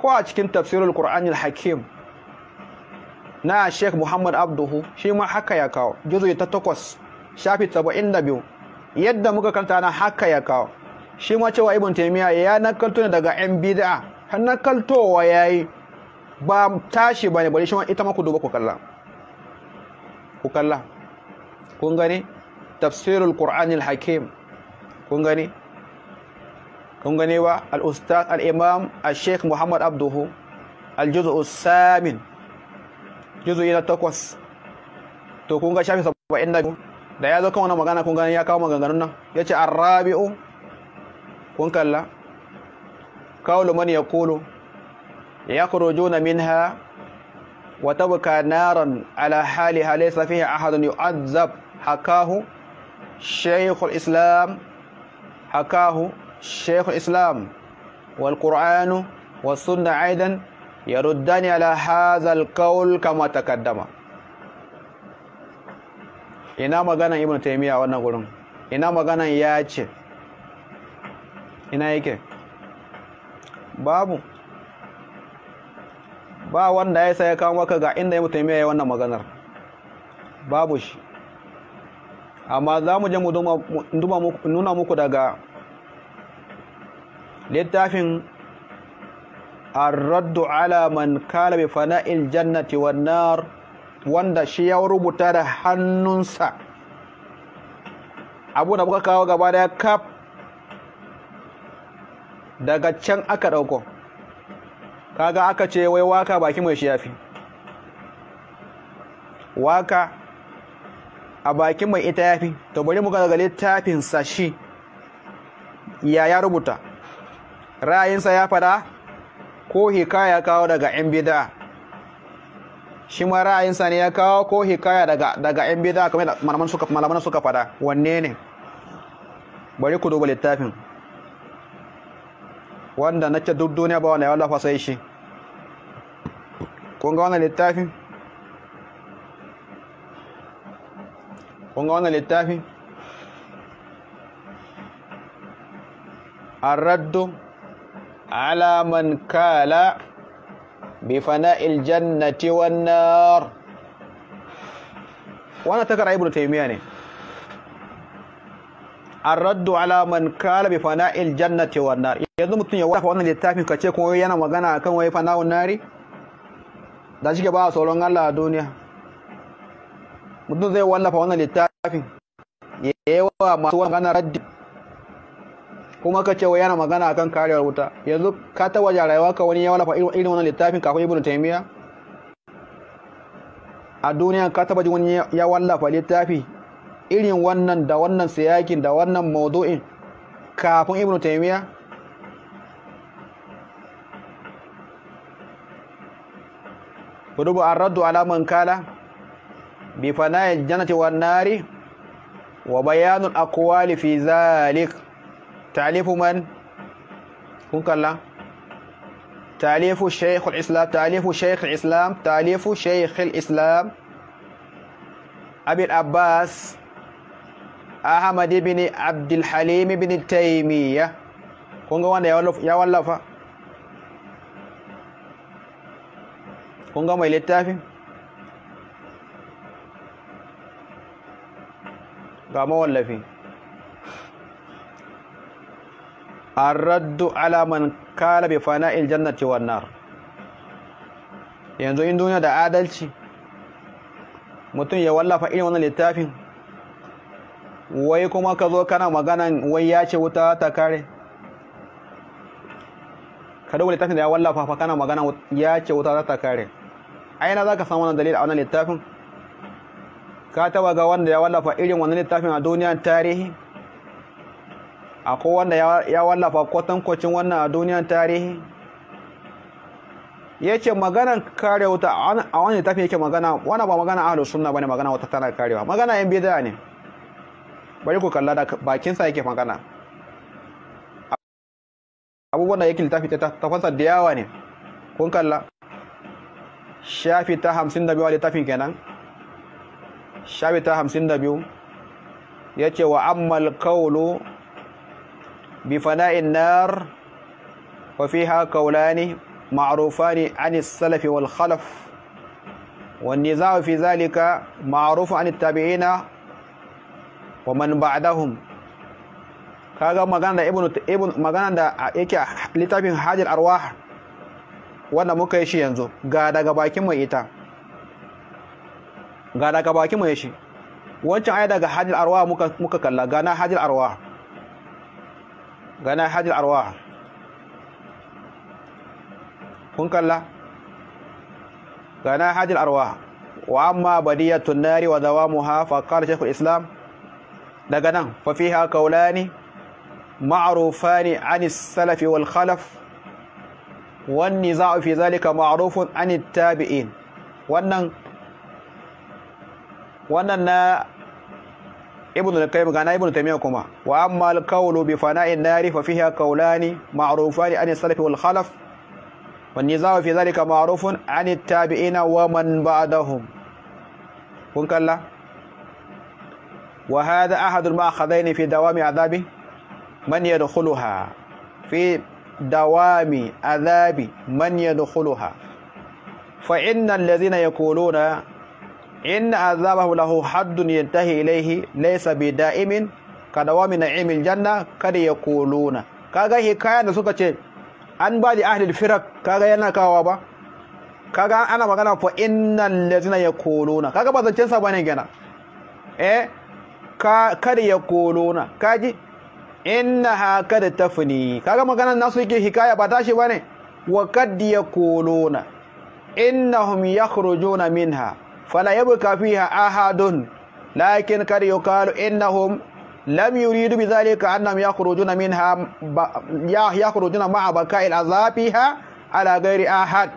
ko a cikin tafsirul qur'anil hakim na Sheikh Muhammad Abduhu shi ma haka ya kawo juzu ta takwas shafi saba'in da biyu yadda muka kanta na haka ya kawo shi ma cewa Ibn taimiya ya nakalto ne daga yan bid'a har nakaltowa yi ba tashi bane bari shi ma ita ma ku duba ku kalla ku kalla kun gani tafsirul al hakim kun gani kun gani ba al-ustad al-imam al-sheikh Muhammad Abduhu al-juz'u samin juzuyi na takwas to kun ga shafi saba'in da da ya zo kan wani magana kun gani ya kawo maganganun nan ya ce arrabi'u kun kalla kawulu man ya kulu ya kurujuna minha wa tabka naran ala hali laysa fihi ahadun yu'azzab hakahu shaykhul islam hakahu shaykhul islam wal qur'anu was sunna aidan yaruddani ala hazal kawul kama takaddama ina magana ibn taimiyya wannan gurin ina magana ya ce ina yake babu ba wanda ya sai kawo maka ga inda ibn taimiyya ya wannan maganar babu shi amma za mu je mu nuna muku daga littafin ar-raddu ala man kala bi jannati wan wanda shi ya rubuta da hannunsa abu da muka kawo gaba daya daga can aka ɗauko kaga aka ce wai waka baki mai shafi waka a bakin mai ita yafi to bari mu daga littafinsa shi Yaya ya rubuta ra'ayinsa ya fada ko hikaya kawo daga yan bida shi ma ra'ayinsa ne ya kawo ko hikaya daga yan bida kamar malaman suka malaman suka fada wanne ne bari ku duba littafin wanda na ce duk duniya ba wanda ya wallafa sai shi kun ga wannan littafin kun ga wannan littafin raddo على من كال بفناء الجنة والنار وانا تكر ابن تيمية يعني. الرد yanzu mutum ya wafa wannan littafin ka ce magana akan wai fana'un da shi ke ba sauran Allah duniya mutum zai wallafa wannan littafin ya yi wa masu wannan raddi kuma ka ce wa yana magana akan karewar wuta yanzu ka taba rayuwa ka wani ya wallafa irin wannan littafin kafin ibnu taymiya a duniya ka taba ji wani ya wallafa littafi irin wannan da wannan siyakin da wannan maudu'in kafin ibnu taymiya kudubu an raddu alaman kala bi fana'il nari wa bayanun akwali fi zalik Taalifu man kun kalla taalifu shaykhul islam taalifu shaykhul islam taalifu shaykhul islam abin abbas ahmad ibn abd al-halim ibn taymiya kun ga wanda ya wallafa kun ga mai littafin ga mawallafin arraddu raddu ala kala bi fana'il jannati wannan yanzu in duniya da adalci mutum ya wallafa irin wannan littafin wai kuma ka zo kana maganan wai ya ce wuta ta kare ka duba littafin da ya wallafa fa kana magana ya ce wuta za ta kare aina za ka samu wannan dalil a wannan littafin ka taba ga wanda ya wallafa irin wannan littafin a duniyar tarihi akwai wanda ya wallafa kwatankwacin wannan a duniyar tarihi ya ce maganan kare wuta a wani tafi yake magana wani ba magana ahalus suna bane magana wata tana karewa magana yan bid'a ne bari ku kalla da bakinsa yake magana abubuwan da yake littafi ta tafasa da yawa ne kun kalla shafi ta hamsin da biyu a littafin kenan shafi ta hamsin da biyu ya ce wa ammal kaulu بفناء النار وفيها قولان معروفان عن السلف والخلف والنزاع في ذلك معروف عن التابعين ومن بعدهم kaga magana da ibnu ibn magana da yake littafin hajjal arwah wanda muka yi shi yanzu ga daga bakin mai ita ga daga bakin mai shi wancan ai daga hajjal arwah muka muka kalla ga na hajjal arwah gana hajjul arwa kun kalla gana hajjul arwa wa amma badiyatun nari wa dawamuha fa qala shaykhul islam daga nan fa fiha qawlani ma'rufani an salafi wal khalaf wan niza'u fi zalika ma'rufun an tabi'in wannan wannan na ابن القيم قال ابن تيمية كما وأما القول بفناء النار ففيها قولان معروفان عن السلف والخلف والنزاع في ذلك معروف عن التابعين ومن بعدهم قل كلا وهذا أحد المأخذين في دوام عذاب من يدخلها في دوام عذاب من يدخلها فإن الذين يقولون inna azabahu lahu haddun yantahi ilayhi laysa bida'imin kadawami na'imil janna kada yaquluna kaga hikayan da suka ce an ba da ahli firak kaga yana kawa ba kaga ana magana fa innal ladzina yaquluna kaga ba zancen sa ne gina eh ka kada yaquluna kaji innaha kada tafni kaga magana nasu yake hikaya ba tashi bane wa kad yaquluna innahum yakhrujuna minha fala yabka fiha ahadun lakin kad yuqalu innahum lam yuridu bidhalika annahum yakhrujuna minha yakhrujuna ma'a baka'il azabiha ala ghairi ahad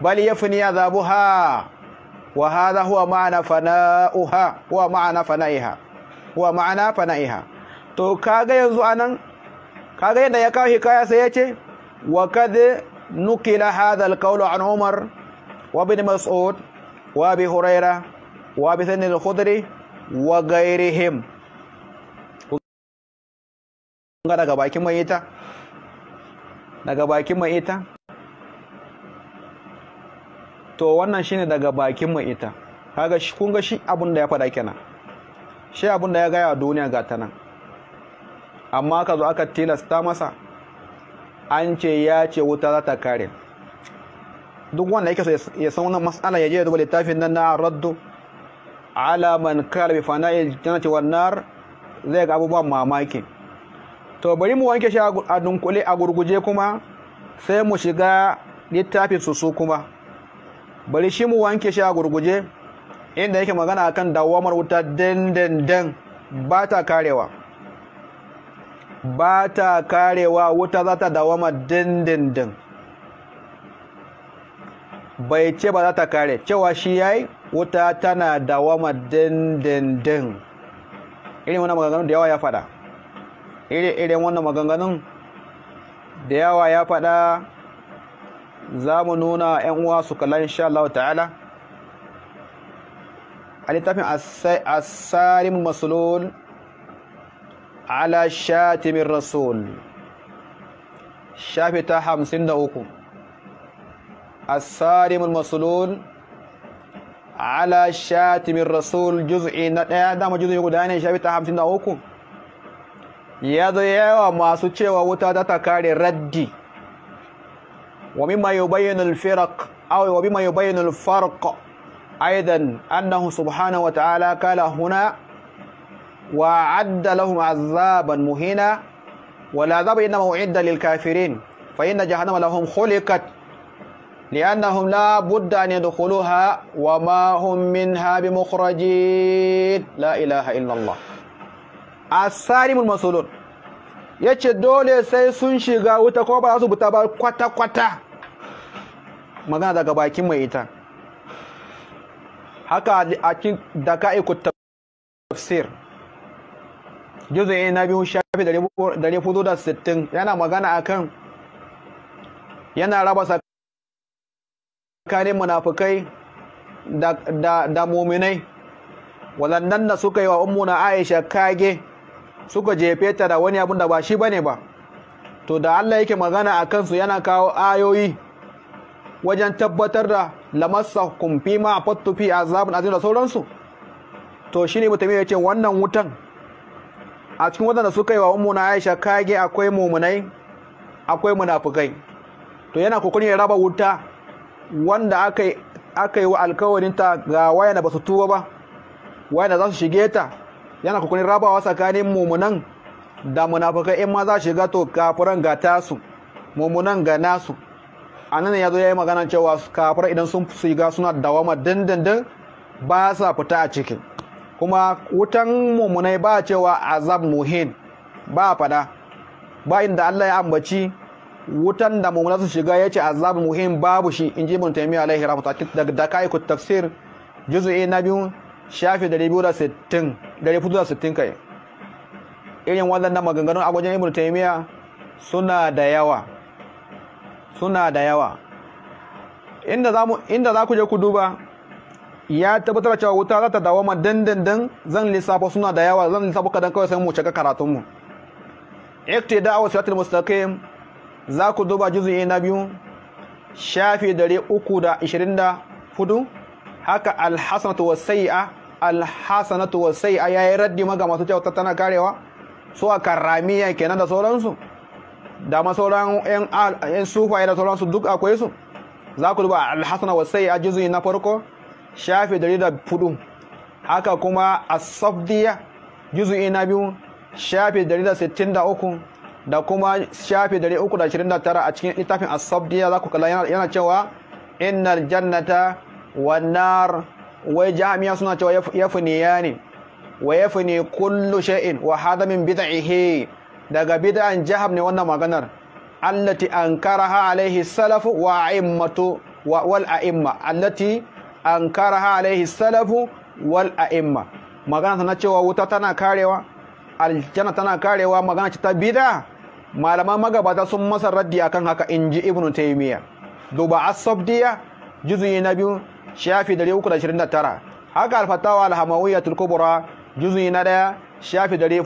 bal yafni azabuha wa hadha huwa ma'na fana'uha huwa ma'na fana'iha huwa ma'na fana'iha to kaga yanzu anan kaga yanda ya kawo hikaya sai yace wa kad nukila hadha al-qawlu an Umar wa ibn Mas'ud وابي هريره وابي ثن الخدري وغيرهم ga daga bakin mai ita daga bakin mai ita to wannan shine daga bakin mai ita kaga shi kun ga shi abin da ya faɗa kenan shi abin da ya gaya duniya ga ta nan amma ka zo aka tilasta masa an ce ya ce wuta za ta kare duk wanda yake ya san wannan mas'ala ya je ya duba littafin nan na raddu ala man kala bi ya jannati wan zai ga abubuwan mamaki to bari mu wanke shi a dunkule a gurguje kuma sai mu shiga littafin su su kuma bari shi mu wanke shi a gurguje inda yake magana kan dawamar wuta dandandan ba ta karewa ba ta karewa wuta za ta dawama dandandan bai ce ba za ta kare cewa shi ya yi. wuta tana dawama dindindin irin wannan maganganun da yawa ya faɗa irin wannan maganganun da yawa ya faɗa za mu nuna 'yan uwa su kalla insha Allah ta'ala a littafin asarin masulun ala shatimin rasul shafi ta hamsin da uku السالم المصلون على شاتم الرسول جزء نتعدم إيه، جزء يقولان شابي تحمسين دعوكم يدو يوا masu cewa wuta ta ومما يبين الفرق أو ومما يبين الفرق أيضا أنه سبحانه وتعالى قال هنا وعد لهم عذابا مهينا والعذاب إنما أعد للكافرين فإن جهنم لهم خلقت لأنهم لا بد أن يدخلوها وما هم منها بمخرجين لا إله إلا الله السالم المسؤولون yace dole sai sun shiga wuta ko ba su buta ba kwata-kwata magana daga bakin mai ita haka a cikin daka'iku tafsir juzuyi na biyu shafi 460 yana magana akan yana raba tsakanin munafukai da muminai waɗannan da suka yi wa ummuna aisha kage suka jefe ta da wani abun da ba shi bane ba to da Allah yake magana a kansu yana kawo ayoyi wajen tabbatar da lamassa kumfi ma a fattufi a azabun da sauransu to shi ne mutum ya ce wannan wutan a cikin waɗanda suka yi wa ummuna aisha kage akwai mumunai akwai munafukai to yana kokarin ya raba wuta wanda aka yi wa alkawarinta ga wayana ba su tuba ba wayana za su shige ta yana kokarin rabawa tsakanin mummunan. da munafukai in ma za shiga to kafuran ga tasu mummunan ga nasu anan ya zo ya yi magana cewa kafuran idan sun shiga suna dawama dindindin ba sa fita a ciki kuma wutan mummunai ba cewa azab muhin ba fada ba inda Allah ya ambaci wutan da mu su shiga ya ce azabu muhim babu shi inji ibn taymiya alaihi rahmatullah da ku tafsir juz'i na biyu shafi 260 460 kai irin wannan maganganun a wajen ibn taymiya suna da yawa suna da yawa inda za inda za ku je ku duba ya tabbatar cewa wuta za ta ma dandandan zan lissafa suna da yawa zan lissafa kadan kawai sai mu cika karatunmu iktida'u siratal mustaqim za ku duba juzu'i na biyu shafi dare uku da ishirin da hudu haka alhassanatu wa sai'a alhassanatu wa sai'a ya yi raddi maga masu kyauta tana karewa su a karamiya kenan da sauransu da ma sauran yan sufaye da sauransu duk akwai su za ku duba Alhassanatu wa sai'a juzu'i na farko shafi dare da hudu haka kuma asafdiya juzu'i na biyu shafi dare da sittin da uku da kuma shafi 329 a cikin littafin asabdiya za ku kalla yana cewa innal jannata wan nar wai jami'a suna cewa ya ne wa ya yafni kullu shay'in wa hada min bid'ihi daga bid'an jahab ne wannan maganar allati ankaraha alaihi salafu wa a'immatu wal a'imma allati ankaraha alaihi salafu wal a'imma magana tana cewa wuta tana karewa aljanna tana karewa magana ce ta bid'a malaman magabata sun masa raddi akan haka in ji ibn taymiya duba as-sabdiya juzuyi na biyu shafi 329 haka al-fatawa al-hamawiyyatul kubra juzuyi na daya shafi 433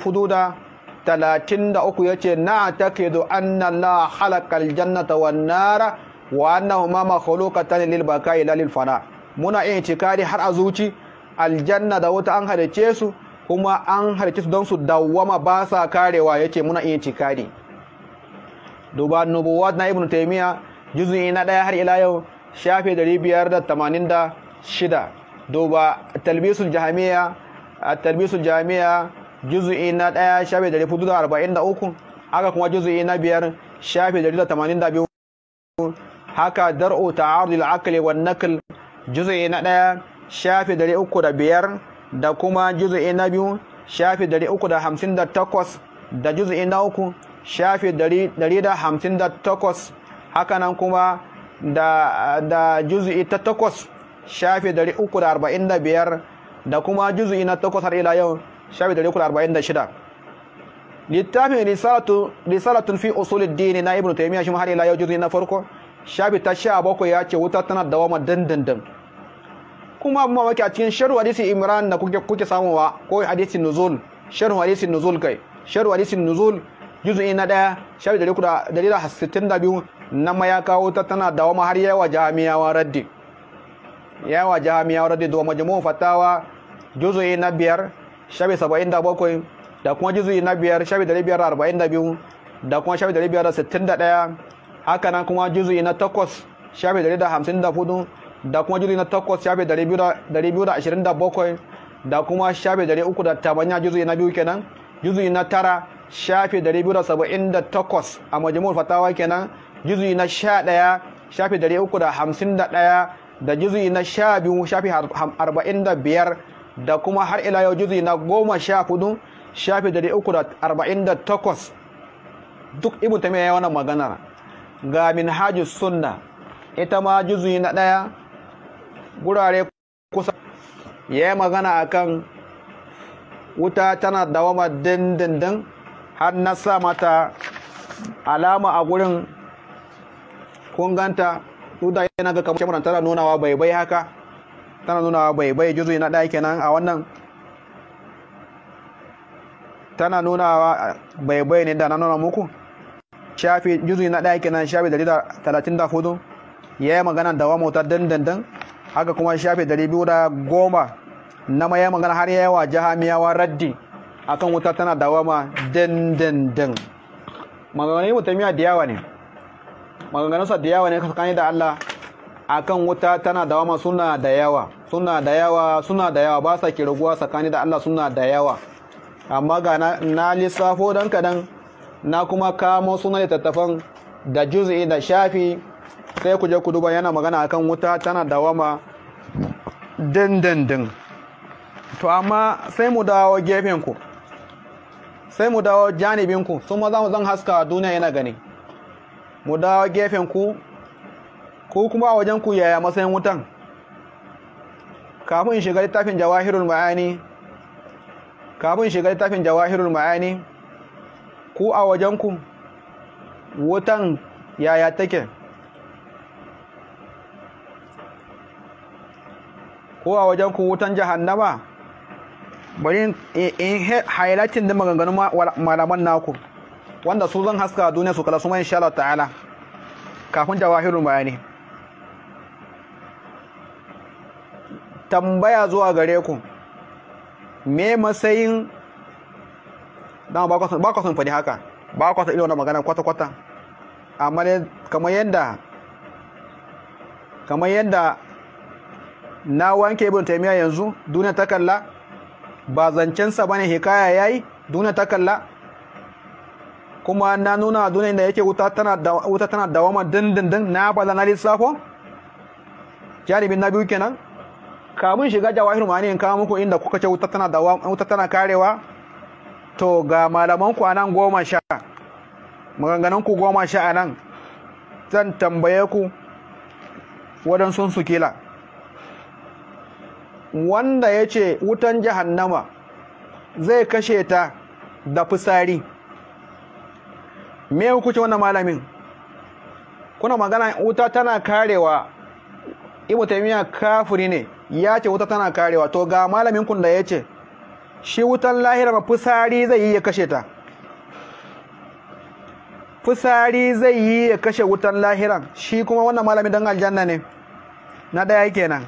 yace na takidu anna la halakal jannata wan nara wa annahuma makhluqatan lil bakai yi lil fana muna itikadi har a zuci aljanna da wuta an halice su kuma an halice su don su dawwama ba sa karewa yace muna itikadi duba nubuwat na Ibn taimiya juzu'i na ɗaya har ila yau shafe 586 duba talbisul jahamiya a talbisul jahamiya juzu'i na ɗaya shafe uku, haka kuma juzu'i na biyar shafe biyu. haka dar'u ta'arudul akli wa Nakal juzu'i na ɗaya shafe uku da biyar, da kuma juzu'i na biyu shafe uku da hamsin da da takwas juzu'i na uku shafi 158 hakanan kuma da, da juzu'i ta takwas shafi 345 da kuma juzu'i na takwas har ila yau shafi 346 littafin risalatun fi usulid dini na ibn taimiyya shi har ila yau juzu'i na farko shafi ta sha bakwai ya ce wuta tana dawama dandandan kuma abu mamaki a cikin sharu hadisi imran da kuke samuwa ko hadisi nuzul sharu hadisi nuzul kai sharu hadisi nuzul juzu'i na ɗaya shafi dari da sittin da biyu na maya kawo ta tana ma har yawa jami'awa raddi yawa jami'awa raddi da majmu'un fatawa juzu'i na biyar shafi saba'in da bakwai da kuma juzu'i na biyar shafi dari biyar da arba'in da biyu da kuma shafi dari biyar da sittin da ɗaya haka nan kuma juzu'i na takwas shafi dari da hamsin da hudu da kuma juzu'i na takwas shafi dari biyu da ashirin da bakwai da kuma shafi dari uku da tamanya juzu'i na biyu kenan juzu'i na tara shafi 278 a majmu'ul fatawa kenan juz'i na 11 shafi 351 da juz'i na 12 shafi 45 da kuma har ila yau juz'i na 14 shafi 348 duk ibn tamiya ya wannan magana. ga minhajus sunna ita ma juz'i na 1 gurare kusa ya yi magana akan wuta tana dawama dindindin har na sa mata alama a gurin kunganta ganta duda yana ga kamar kyamaran tana nunawa bai bai haka tana nunawa bai bai juzu na ɗaya kenan a wannan tana nunawa bai bai ne da na nuna muku shafi juzu na ɗaya kenan shafi dari da talatin da hudu ya yi magana da wa mota dandandan haka kuma shafi dari biyu da goma na mai magana har yawa jahamiyawa raddi akan wuta tana dawama dan dan dan maganganun wuta miya da yawa ne maganganunsa da yawa ne tsakani da Allah akan wuta tana dawama suna da yawa suna da yawa suna da yawa ba sa ke raguwa tsakani da Allah suna da yawa amma ga na, lissafo dan kadan na kuma kamo suna littattafan da juz'i da shafi sai ku je ku duba yana magana akan wuta tana dawama dindindin to amma sai mu dawo gefen ku sai mu dawo janibinku su ma za mu zan haska duniya yana gani mu dawo gefen ku ku kuma a wajen ku yaya matsayin wutan kafin shiga littafin jawahirul ma'ani kafin shiga littafin jawahirul ma'ani ku a wajen ku wutan yaya take ko a wajen ku wutan jahannama bari in highlighting din maganganun malaman naku wanda su zan haska duniya su kala su insha Allah ta'ala kafin jawahirul bayani tambaya zuwa gare ku me matsayin dama ba ku sun fadi haka ba ku san irin wannan magana kwata-kwata amma ne kamar yadda kamar yadda na wanke ibn taymiya yanzu duniya ta kalla ba zancensa ba ne hikaya yi duniya ta kalla kuma na nuna duniya da yake wuta tana dawama dindindin na bala na lissafo jaribin na biyu kenan kamun shiga jawahir ma'ani in kawo muku inda kuka ce wuta tana karewa to ga malaman ku anan goma sha maganganun ku goma sha anan zan tambaye ku wadansu su kila wanda ya ce wutan jahannama zai kashe ta da fusari me hukuce wannan malamin kuna magana wuta tana karewa ibu taimiyya kafuri ne ya ce wuta tana karewa to ga malamin kun da ya ce shi wutan lahira ba fusari zai yi ya kashe ta fusari zai yi ya kashe wutan lahiran shi kuma wannan malamin don aljanna ne na daya kenan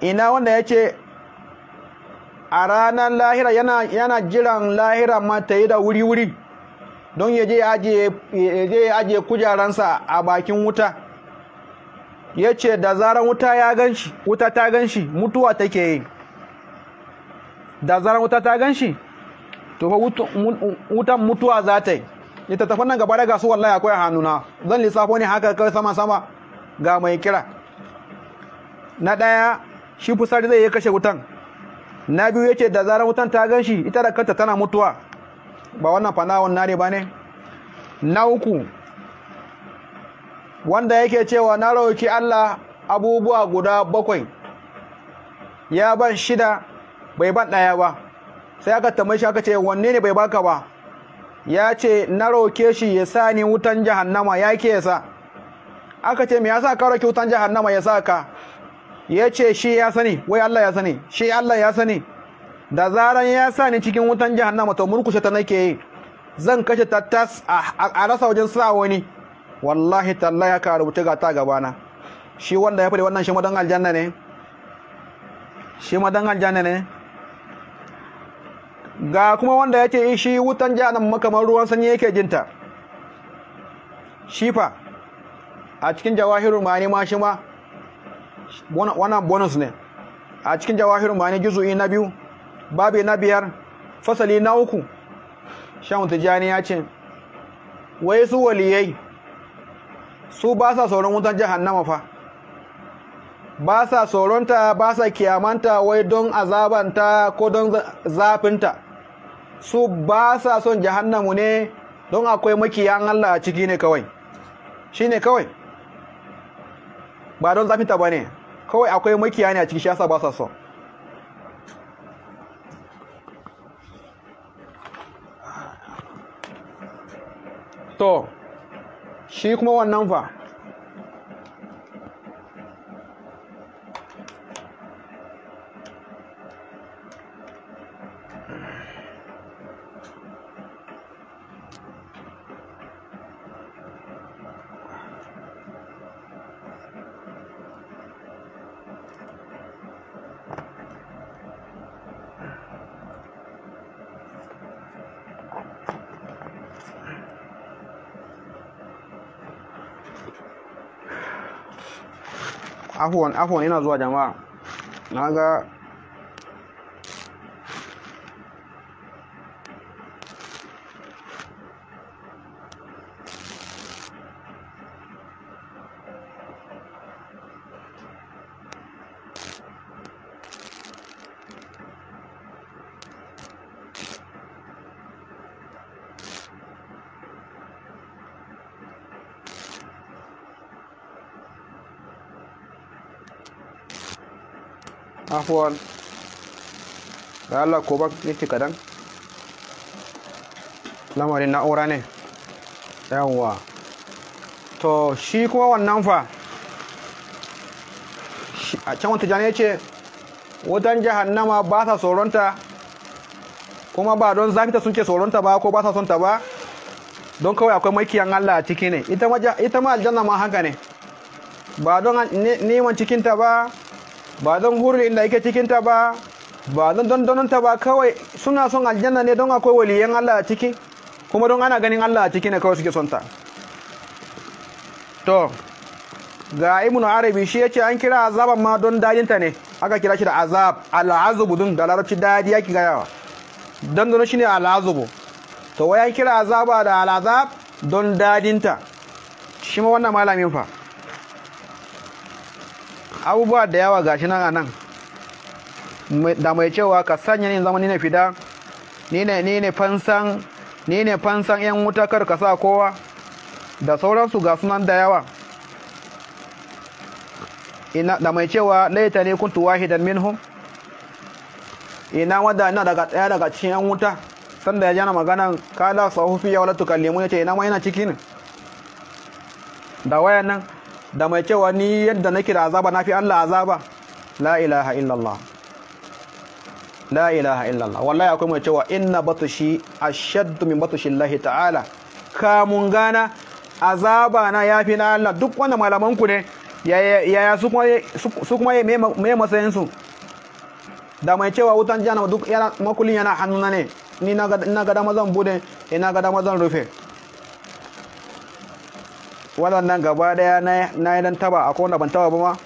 ina wanda ya ce a ranar lahira yana, jiran lahira ma ta yi da wuri-wuri don ya je ya ajiye kujaransa a bakin wuta ya ce da zarar wuta ya ganshi wuta ta ganshi mutuwa take yi da zarar wuta ta ganshi to fa wutan mutuwa za ta yi nan gaba daga su wallahi akwai hannuna zan lissafo ne haka kai sama sama ga mai kira na ɗaya shi fusari zai iya kashe wutan na biyu yace da zarar wutan ta gan shi ita da kanta tana mutuwa ba wannan fanawon nare ba ne na uku wanda yake cewa na rauki Allah abubuwa guda bakwai ya ban shida bai ban ɗaya ba sai aka tambaye shi aka ce wanne ne bai baka ba ya ce na roke shi ya sa ni wutan jahannama ya ke sa aka ce me yasa ka roki wutan jahannama ya sa ka ya ce shi ya sani wai Allah ya sani shi Allah ya sani da zaran ya sani cikin wutan jahannama to murkushe ta nake yi zan kashe ta tas a rasa wajen sa wani wallahi tallahi ya rubuta ga ta gabana shi wanda ya faɗi wannan shi madan aljanna ne shi madan aljanna ne ga kuma wanda ya ce shi wutan jahannama kamar ruwan sanyi yake jinta Shifa, a cikin jawahirul ma'ani ma shi ma wannan bonus ne a cikin jawahirun bayani juzu'i na biyu babi na biyar fasali na uku shan tijjani ya ce wai su waliyai su ba sa sauran wutan jahannama fa ba sa ta, ba sa kiyamanta wai don azabanta ko don zafinta su ba sa son jahannamu ne don akwai makiyan Allah a ciki ne kawai shi ne kawai ba don zafinta ba ne kawai akwai makiya ne a cikin shi ba sa so to shi kuma wannan fa afwan afwan yana zuwa jama'a na ga afuwan da Allah ko ba minti kadan lamarin na'ura ne yawwa to shi kuma wannan fa a can wata jana ya ce wutan jahannama ba sa tsoronta kuma ba don zafita suke tsoronta ba ko ba sa sonta ba don kawai akwai makiyan Allah a ciki ne ita ma aljanna ma haka ne ba don neman cikinta ba ba don hurin da yake cikinta ba ba don ta ba kawai suna son aljanna ne don akwai waliyan Allah a ciki kuma don ana ganin Allah a ciki ne kawai suke son ta to ga ibn arabi shi yace an kira azaban ma don dadinta ne aka kira shi da azab al'azubu dun da larabci dadi yake gayawa dandano shine al'azubu to wai an kira azaba da al'azab don daɗinta shi ma wannan malamin fa abubuwa da yawa gashi nan a nan da mai cewa ka sanya ni zama ni ne fida ni ne ni ne fansan ni ne fansan yan wuta kar ka sa kowa da sauransu ga sunan da yawa ina da mai cewa laita ne kuntu wahidan minhum ina wanda ina daga daya daga cikin yan wuta sanda ya jana magana kala sahufi ya wala tukallimu ce ina ma yana cikin da wayan nan da mai cewa ni yadda nake da azaba na fi Allah azaba la ilaha illallah la ilaha illallah wallahi akwai mai cewa inna batushi ashaddu min batushi Allah ta'ala kamun gana azaba na yafi na Allah duk wanda malaman ku ne yaya su kuma me masayin su da mai cewa wutan jana duk yana makulin yana hannuna ne ni na ga da zan bude ina eh, ga da zan rufe waɗannan gaba ɗaya na yi dan taba akwai wanda ban taba ba ma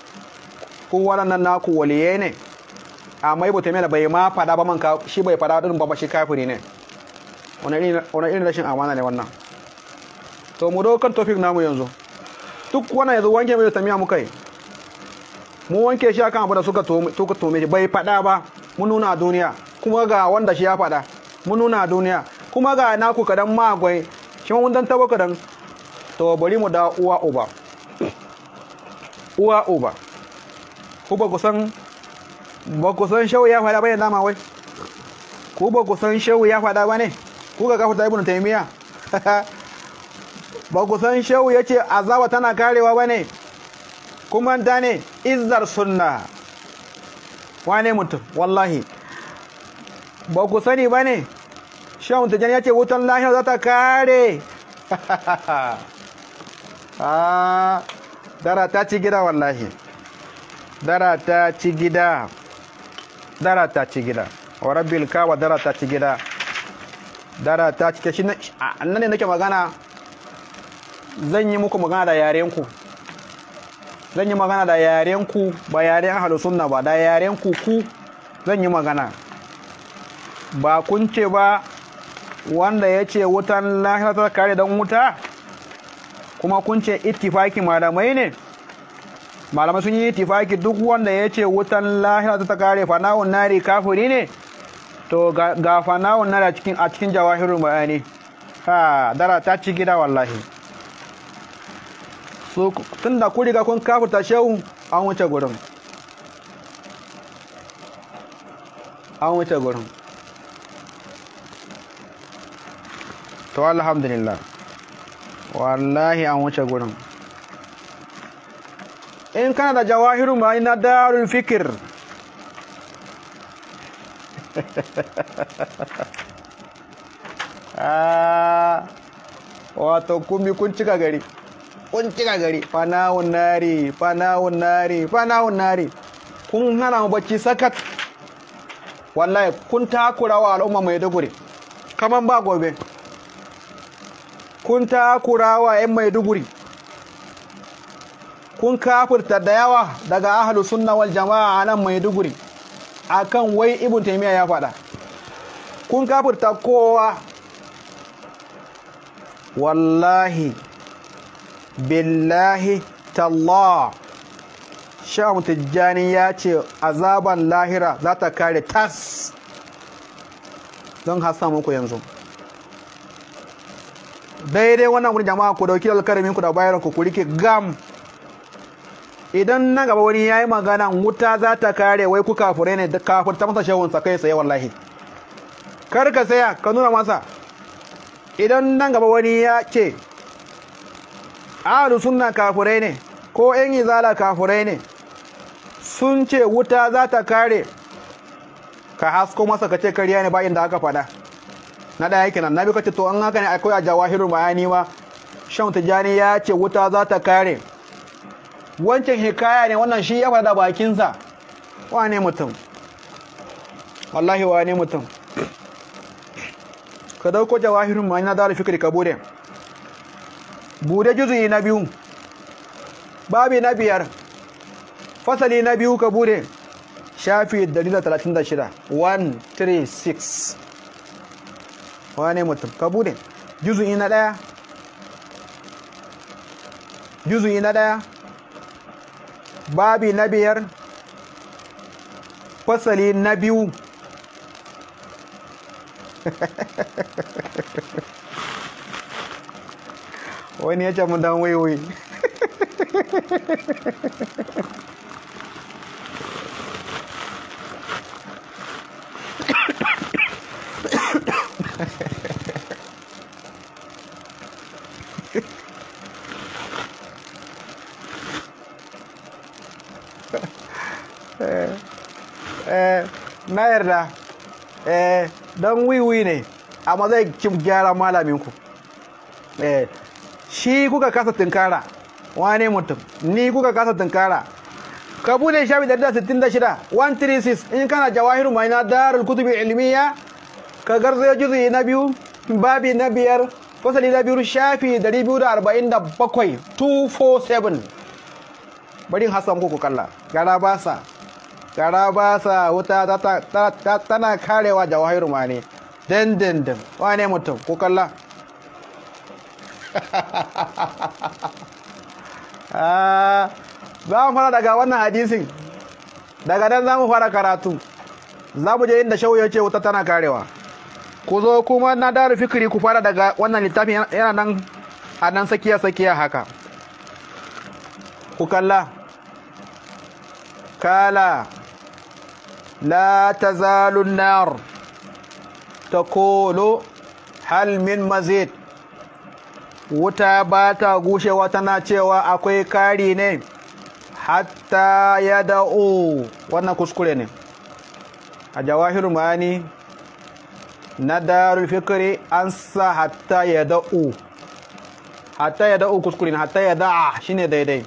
ku waɗannan naku waliye ne amma ibu taimiyar bai ma faɗa ba man ka shi bai faɗa ɗin ba shi kafiri ne wani irin rashin amana ne wannan to mu kan tofik namu yanzu duk wannan yanzu wanke mai tamiya muka yi mu wanke shi akan abu da suka tome shi bai faɗa ba mu nuna a duniya kuma ga wanda shi ya faɗa mu nuna a duniya kuma ga naku kadan magwai shi mun dan tabo kadan to bari mu da uwa uba uwa uba ku ba kusan ba kusan shau ya faɗa bane dama wai ku ba kusan shau ya faɗa bane ku ga gafu ibnu taymiya ba kusan shau yace azaba tana karewa bane kuma da ne izzar sunna wane mutum wallahi ba ku sani ba ne shan tijjani ya ce wutan lahira za ta kare Ah, dara ta ci gida wallahi dara ta ci gida dara ta ci gida wa rabbil kawa dara ta ci gida dara ta ci shi nan ne nake magana zan yi muku magana da yaren ku zan yi magana da yaren ku ba yaren ahlu sunna ba da yaren ku ku zan yi magana ba kun ce ba wanda ya ce wutan lahira kare dan wuta kuma kun ce ittifaki malamai ne malamai sun yi ittifaki duk wanda ya ce wutan lahira ta kare fana'un nari kafuri ne to ga fana'un nari a cikin a cikin jawahirul bayani ha dara ta ci gida wallahi su da ku riga kun kafurta shehu an wuce gurin an wuce gurin to alhamdulillah wallahi an wuce gurin in kana da jawahiru ma'ani na darun fikir ah, wato kumi kun cika gari kun cika gari fanawun nari fanawun nari fanawun nari kun hana mu bacci sakat wallahi kun takura wa al'umma mai duguri kaman ba gobe kun wa 'yan maiduguri kun kafirta da yawa daga ahalu sunna wal jama'a a nan maiduguri a kan wai ibn taimiyya ya faɗa kun kafirta kowa wallahi billahi tallah sham tijjani ya ce azaban lahira za ta kare tas don hasa muku yanzu daidai wannan wani jama'a ku dauki alkaramin ku da bayar ku ku rike gam idan na gaba wani yayi magana wuta za ta kare wai ku kafure ne kafur ta masa shehun sa kai sai wallahi kar ka saya ka nuna masa idan nan gaba wani ya ce ahlu sunna kafure ne ko yan izala kafure ne sun ce wuta za ta kare ka hasko masa ka ce karya ne ba inda aka faɗa na ɗaya kenan na bi kace to an haka ne akwai a jawahirul bayani ba. shan tijani ya ce wuta za ta kare wancan hikaya ne wannan shi ya faɗa bakinsa wane mutum wallahi wane mutum ka dauko jawahirul bayani na dara fikri ka bude bude juzuyi na biyu babi na biyar fasali na biyu ka shafi shafi 36 136 mutum ka bude juzu'i na daya juzu'i na daya babi na biyar fasali na biyu wani ya ce mu dan waiwai Eh, na yarda eh, don wiwi ne a zai kim gyara malaminku eh, shi kuka kasa tunkara wane mutum ni kuka kasa tunkara ka bude shafi 166 136 in kana jawahiru mai na darul kutubi ilmiya ka garzayo juzuyi na biyu babi na biyar fasali na biyu shafi 247 247 bari in hasa kalla gara ba sa gara ba sa wuta tana karewa jawahir mane den den den wane mutum ko kalla ah, za mu fara daga wannan hadisin daga nan za mu fara karatu za mu je inda shawu ya ce wuta tana karewa ku zo kuma na daru fikiri ku fara daga wannan littafin yana nan a nan sakiya sakiya haka ku kalla kala la tazalu nar ta hal min mazid wuta ba ta gushewa tana cewa akwai kari ne hatta ya da'o wannan kuskure ne a jawahirun ma'ani na darul fikri an sa hatta ya da'u hatta ya da'u kuskure hatta ya da'a shine daidai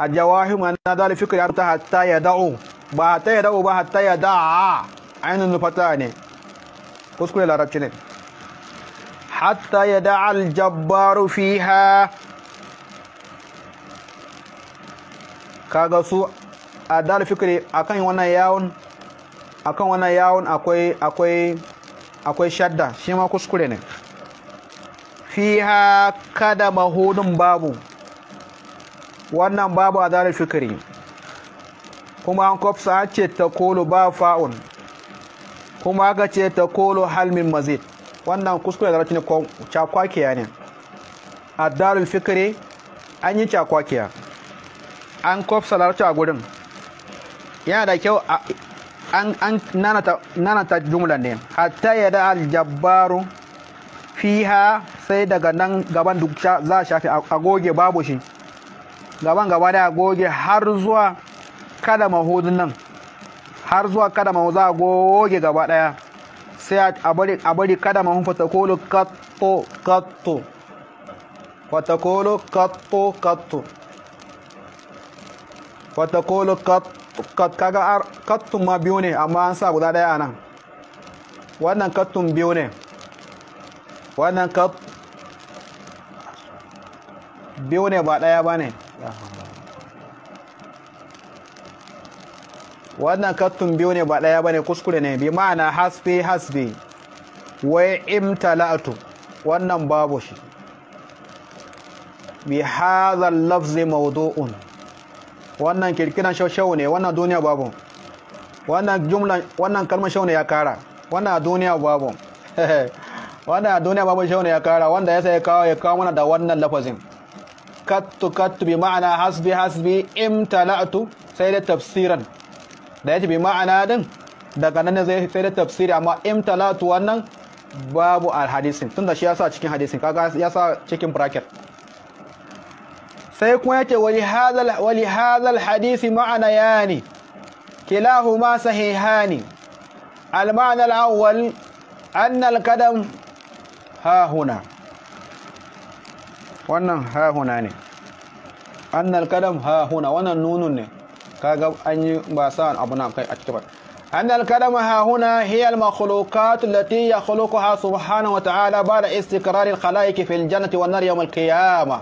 a jawahim na darul fikri an hatta ya da'u ba hatta ya da'u ba hatta ya da'a ainihin nufata ne kuskure larabci ne hatta ya da'a aljabbaru fiha kaga su a darul fikri akan wannan yawon akan wannan yawon akwai akwai akwai shadda shi ma kuskure ne Fi ha kada mahudun babu wannan babu a zarar fikiri kuma an kwafsa ce ta kolo ba fa'un kuma aka ce ta kolo halmin mazid wannan kuskure da cikin cakwakiya ne a darul fikiri an yi cakwakiya an kwafsa zarar a gudun yana da kyau an an nanata nanata jumla ne hatta ya da aljabaru fiha sai daga nan gaban duk za a shafi a goge babu shi gaban gaba da goge har zuwa kada mahudin nan har zuwa kada mahu za a goge gaba daya sai a bari kada mahu fatakolo katto katto fatakolo katto katto fatakolo katto kaga kattun ma biyu ne amma an sa guda daya nan wannan kattun biyu ne wannan cut biyu ne ba daya ba ne wannan kattun biyu ne ba daya ba ne kuskure ne bi ma'ana hasbi hasbi wai imtala'atu wannan babu shi bi hazal lafzi mawdu'un wannan kirkiran shau ne wannan duniya babu wannan jumla wannan kalmar shau ne ya kara wannan duniya babu wannan duniya babu shau ne ya kara wanda ya sai kawo ya kawo mana da wannan lafazin kattu kattu bi ma'ana hasbi hasbi tala'atu sai da tafsiran da yace bi ma'ana din daga nan zai sai da tafsiri amma tala'atu wannan babu al hadisin tunda shi yasa cikin hadisin kaga yasa cikin bracket سيكون ولهذا ولهذا الحديث معنى يعني كلاهما صحيحان المعنى الاول ان القدم ها هنا وانا ها هنا يعني. ان القدم ها هنا وانا نون كاغا اني باسان ابنا نعم كاي ان القدم ها هنا هي المخلوقات التي يخلقها سبحانه وتعالى بعد استقرار الخلائق في الجنه والنار يوم القيامه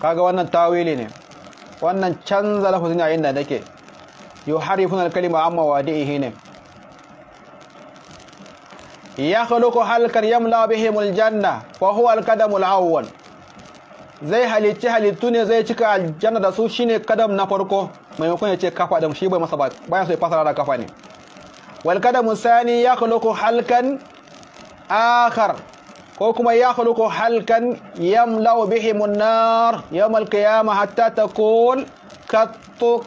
kaga wannan tawili ne wannan canza lafazin yayin da har yi funar kalima amma wadihi ne yakhluqu halkar yamla bihim aljanna wa huwa alqadam alawwal zai halicci halittu ne zai cika aljanna da su shine kadam na farko maimakon ya ce kafa da shi bai masa ba bayan sai fasara da kafa ne wal kadam sani yakhluqu halkan akhar كوكما يخلق حلقا يملا بهم النار يوم القيامه حتى تكون قط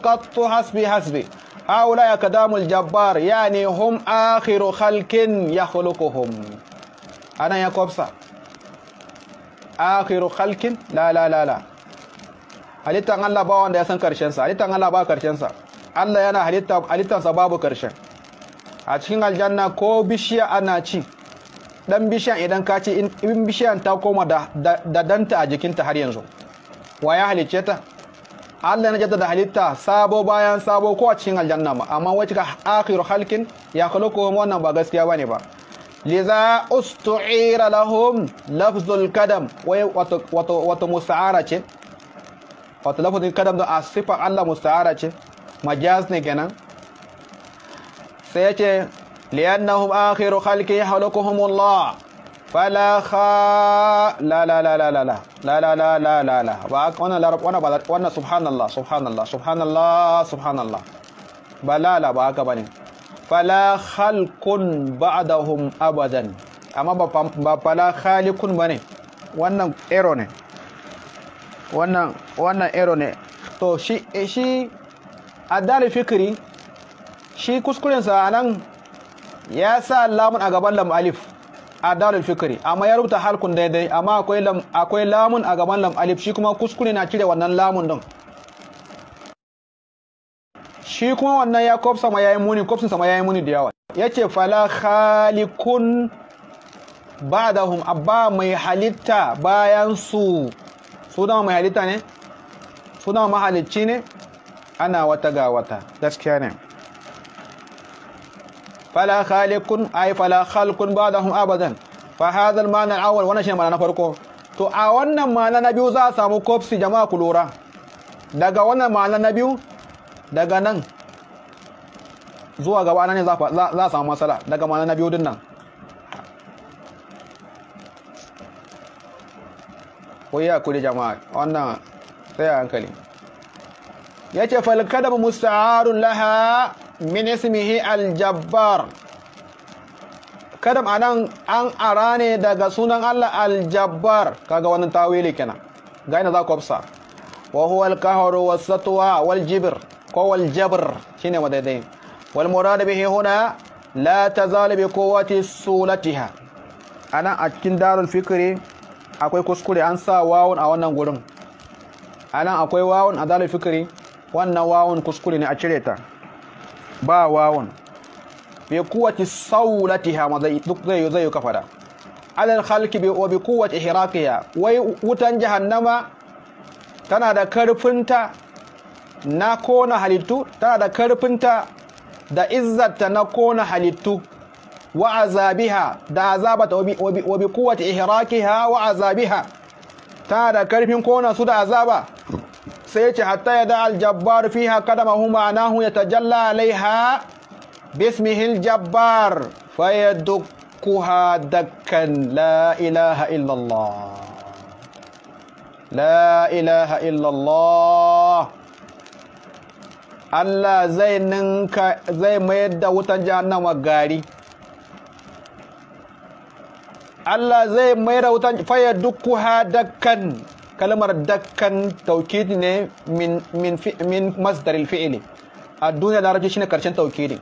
قط حسبي حسبي هؤلاء كدام الجبار يعني هم اخر خلق يخلقهم انا يا كوبسا اخر خلق لا لا لا لا حليتا الله با وندا يسن كرشنسا حليتا الله با كرشنسا الله يانا حليتا حليتا سبابو كرشن a cikin aljanna ko bishiya ana ci dan bishiyan idan ka ce in bishiyan ta koma da danta a jikinta har yanzu wa ya halicce ta Allah na da halitta sabo bayan sabo ko a cikin aljanna ma amma wacce ka akhiru halkin ya khalaquhum wannan ba gaskiya bane ba liza ustu'ira lahum lafzul kadam wato wato ce wato lafzul kadam da asifa Allah musa'ara ce majaz ne kenan sai yace لأنهم آخر خلق يخلقهم الله فلا خا لا لا لا لا لا لا لا لا لا لا لا لا وانا لا رب وانا بلا وانا سبحان الله سبحان الله سبحان الله سبحان الله بلا لا باك بني فلا خلق بعدهم أبدا أما با فلا خالق بني wannan ero ne wannan wannan ero ne to shi shi adal fikri shi kuskurensa a nan ya sa lamun a gaban lam alif a darul fikri amma ya rubuta harkun daidai amma akwai lam akwai lamun a gaban lam alif shi kuma kuskure na cire wannan lamun din shi kuma wannan ya kofsa ma yayi muni kofsin sama yayi muni da yawa yace fala khaliqun ba'dahum abba mai halitta bayan su su dama mai halitta ne su dama mahalicci ne ana wata ga wata gaskiya ne فلا خالق أي فلا خلق بعدهم أبدا فهذا المعنى الأول وانا شيء معنى فرقه to a wannan ma'ana na biyu za a samu kofsi jama'a ku lura daga wannan ma'ana na biyu daga nan zuwa gaba nan za a samu matsala daga ma'ana na biyu din nan koyi a kuri jama'a wannan sai a hankali ya ce falkadam musta'arun laha min ismihi aljabbar kadam anan an ara ne daga sunan Allah aljabbar kaga wannan tawili kenan ga ina za ku afsa wa huwa alqahru wasatwa wal jibr ko wal jabr shine wadaidai wal murad bihi huna la tazal bi quwwati sulatiha anan a cikin darul fikri akwai kuskure an sa wawun a wannan gurin anan akwai wawun a darul fikri wannan wawun kuskure ne a cire ta ba wawun bai kowace sawlatiha ma zai yi zai zai kafara alal khalqi bai wa bi quwwati hiraqiha wai wutan jahannama tana da karfinta na kona halittu tana da karfinta da izzarta na kona halittu wa azabiha da azabata wa bi kowace ihraqiha wa azabiha tana da karfin kona su da azaba سيتي حتى يدع الجبار فيها قدمه معناه يتجلى عليها باسمه الجبار فيدكها دكا لا إله إلا الله لا إله إلا الله الله زي ninka زي ما يدى wutan jahannama الله زي ما يدى da wutan faya dukkuha kalmar dakkan taukid ne min min min masdar fi'li a duniya da larabci shine karshen taukidin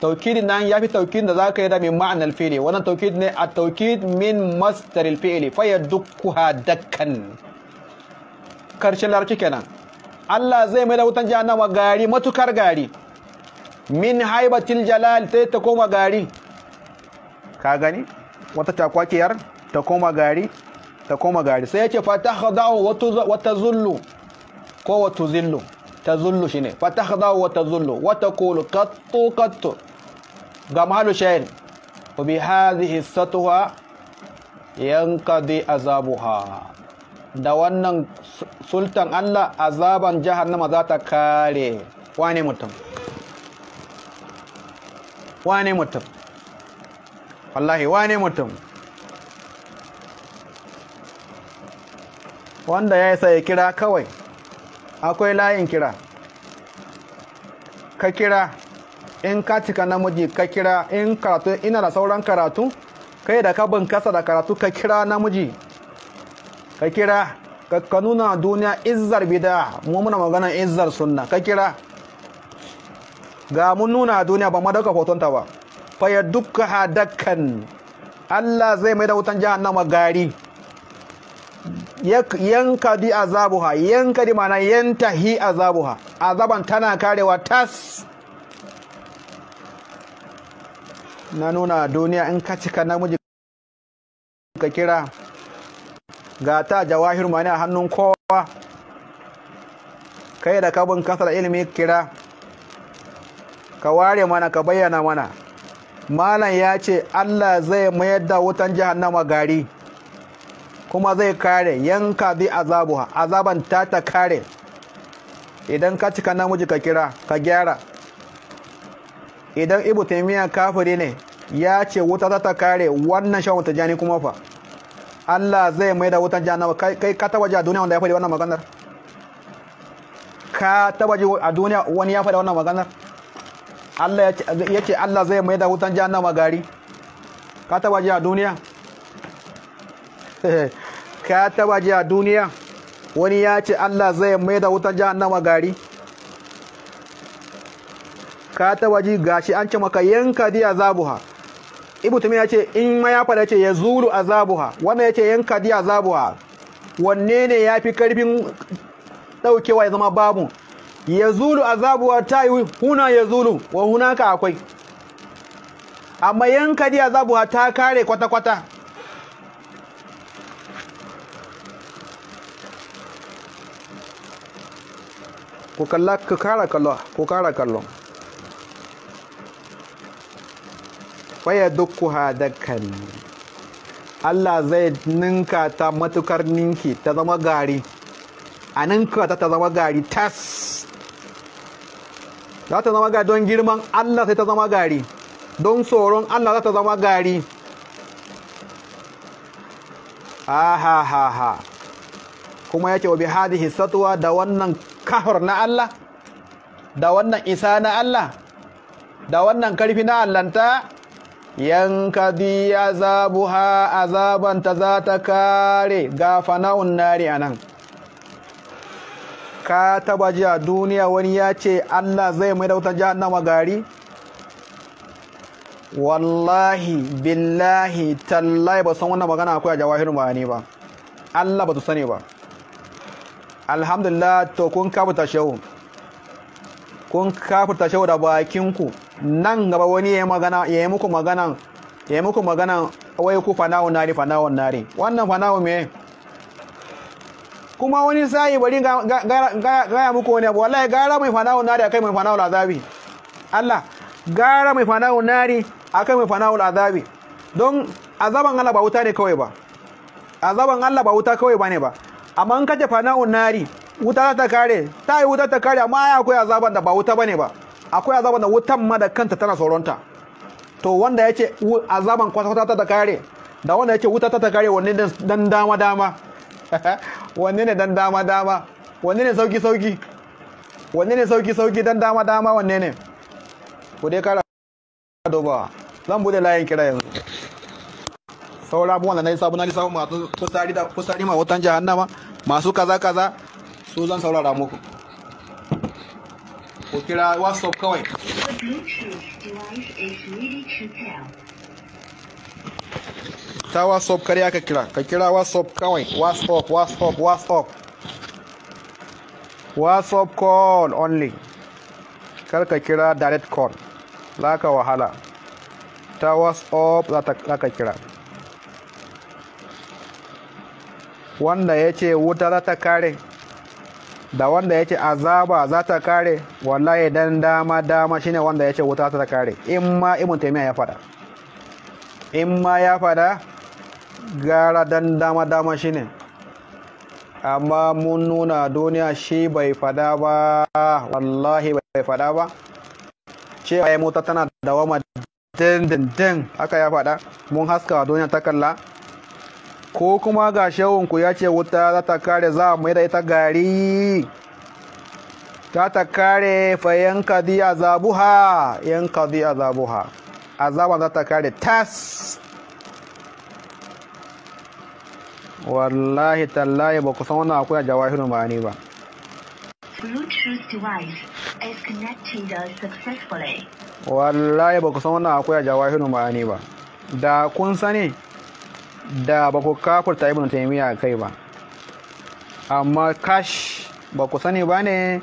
taukidin nan yafi taukidin da zaka yi da min ma'anar fi'li wannan taukid ne a taukid min masdar fi'li fa ya yadukkuha dakkan karshen larabci kenan Allah zai mai da wutan jahannama gari matukar gari min haibatil jalal sai ta koma gari ka gani wata takwakiyar ta koma gari ta koma gari sai ce yace fatakhadahu wa zullu ko wa tuzillu ne shine fatakhadahu wa zullu wata kolo katto katto ga mahalu shayr wa bi yanka satwa azabu ha da wannan sultan Allah azaban jahannama za ta kare wane mutum wane mutum wallahi wane mutum wanda ya isa ya kira kawai akwai layin kira ka kira in ka cika namiji ka kira in karatu ina da sauran karatu kai da ka kasa da karatu ka kira namiji ka kira ka nuna duniya izzar bida mu muna magana izzar sunna ka kira ga mun nuna duniya ba ma dauka hotonta ba fa ya dukka dakkan Allah zai mai da wutan jahannama gari yanka di azabuha yanka di mana yantahi azabuha azaban tana karewa tas na nuna duniya in ka cika namiji ka kira ga ta jawahir mani a hannun kowa kai da kabin kasar ilimi kira ka ware mana ka bayyana mana malam ya ce allah zai mayar da wutan jahannama gari kuma zai kare yanka zai azabu azaban ta ta kare idan ka cika namiji ka kira ka gyara idan ibu taimiya kafiri ne ya ce wuta ta ta kare wannan shan wata jani kuma fa Allah zai mai da wutan jana kai ka taba ji a duniya wanda ya faɗi wannan maganar ka taba ji a duniya wani ya faɗi wannan maganar Allah ya ce Allah zai mai da wutan jana gari ka taba ji a duniya ka taba ji a duniya wani ya ce Allah zai mai da wutar jahannama gari ka taba ji gashi an ce maka yanka di zabuha ibu tumi ya ce in ma ya fada ce ya zulu zabuha wannan ya ce yanka di zabuha wanne ne ya fi karfin daukewa ya zama babu ya zulu zabuwa ta yi huna ya zulu wa hunaka akwai amma yanka di zabuwa ta kare kwata-kwata ku kalla ka kara kallo ku kara kallo waya dukkuha dakkan Allah zai ninka ta matukar ninki ta zama gari a ninka ta ta zama gari tas za ta zama gari don girman Allah sai ta zama gari don tsoron Allah za ta zama gari ha ha ha ha kuma yake wa bi hadhihi satwa da wannan kahor na Allah da wannan isa na Allah da wannan karfi na allanta ha zabu zabanta za ta kare ga fana'un nari nan. ka taba ji a duniya wani ya ce Allah zai mai da wutar jahannama gari wallahi billahi tallahi ba san wannan magana akwai a jawahirin ba ne ba Allah ba su sani ba alhamdulillah to kun kafuta shehu kun kafuta shehu da bakinku nan gaba wani ya yi muku magana ya yi muku magana wai ku fanawun nari fanawun nari wannan fanawun me kuma wani sa'i bari gaya muku wani abu wallahi gara mai fanawun nari akai mai fanawun azabi Allah gara mai fanawun nari akai mai fanawun azabi don azaban Allah ba wuta ne kawai ba azaban Allah ba wuta kawai ba ne ba amma in ka tafa na nari wuta ta kare ta yi wuta ta kare amma ai akwai azaban da ba wuta bane ba akwai azaban da wutan ma da kanta tana tsoronta to wanda ya ce azaban kwata-kwata ta kare da wanda ya ce wuta ta kare wanne ne dan dama-dama wanne ne dan dama-dama wanne ne sauki-sauki wanne ne sauki-sauki dan dama-dama wanne ne ku dai kara dubawa zan bude layin kira yanzu saura abubuwan da na yi sabu na lissafin masu kusari da kusari ma wutan jahannama masu kaza kaza su zan saurara muku ku kira whatsapp kawai ta whatsapp karya ka kira ka kira whatsapp kawai whatsapp whatsapp whatsapp whatsapp call only kar ka kira direct call za ka wahala ta whatsapp za ka kira wanda ya ce wuta za ta kare da wanda ya ce azaba za ta kare wallahi dan dama dama shine wanda ya ce wuta za ta kare in ma ibn taymiya ya fada in ma ya fada gara dan dama dama shine amma mun nuna duniya shi bai fada ba wallahi bai fada ba cewa ya mota tana dawama dindindin haka ya fada mun haska duniya ta kalla ko kuma ga shawunku ya ce wuta za ta kare za mu da ita gari ta ta kare fa yanka di azabuha yanka di azabuha azaba za ta kare tas wallahi tallahi ba ku san wannan akwai a jawahirin bayani ba Bluetooth device connected successfully. Wallahi ba ku san wannan akwai a jawahirin bayani ba. Da kun sani da ba ku kafurta ibn taimiyya kai ba amma kash ba ku sani ba ne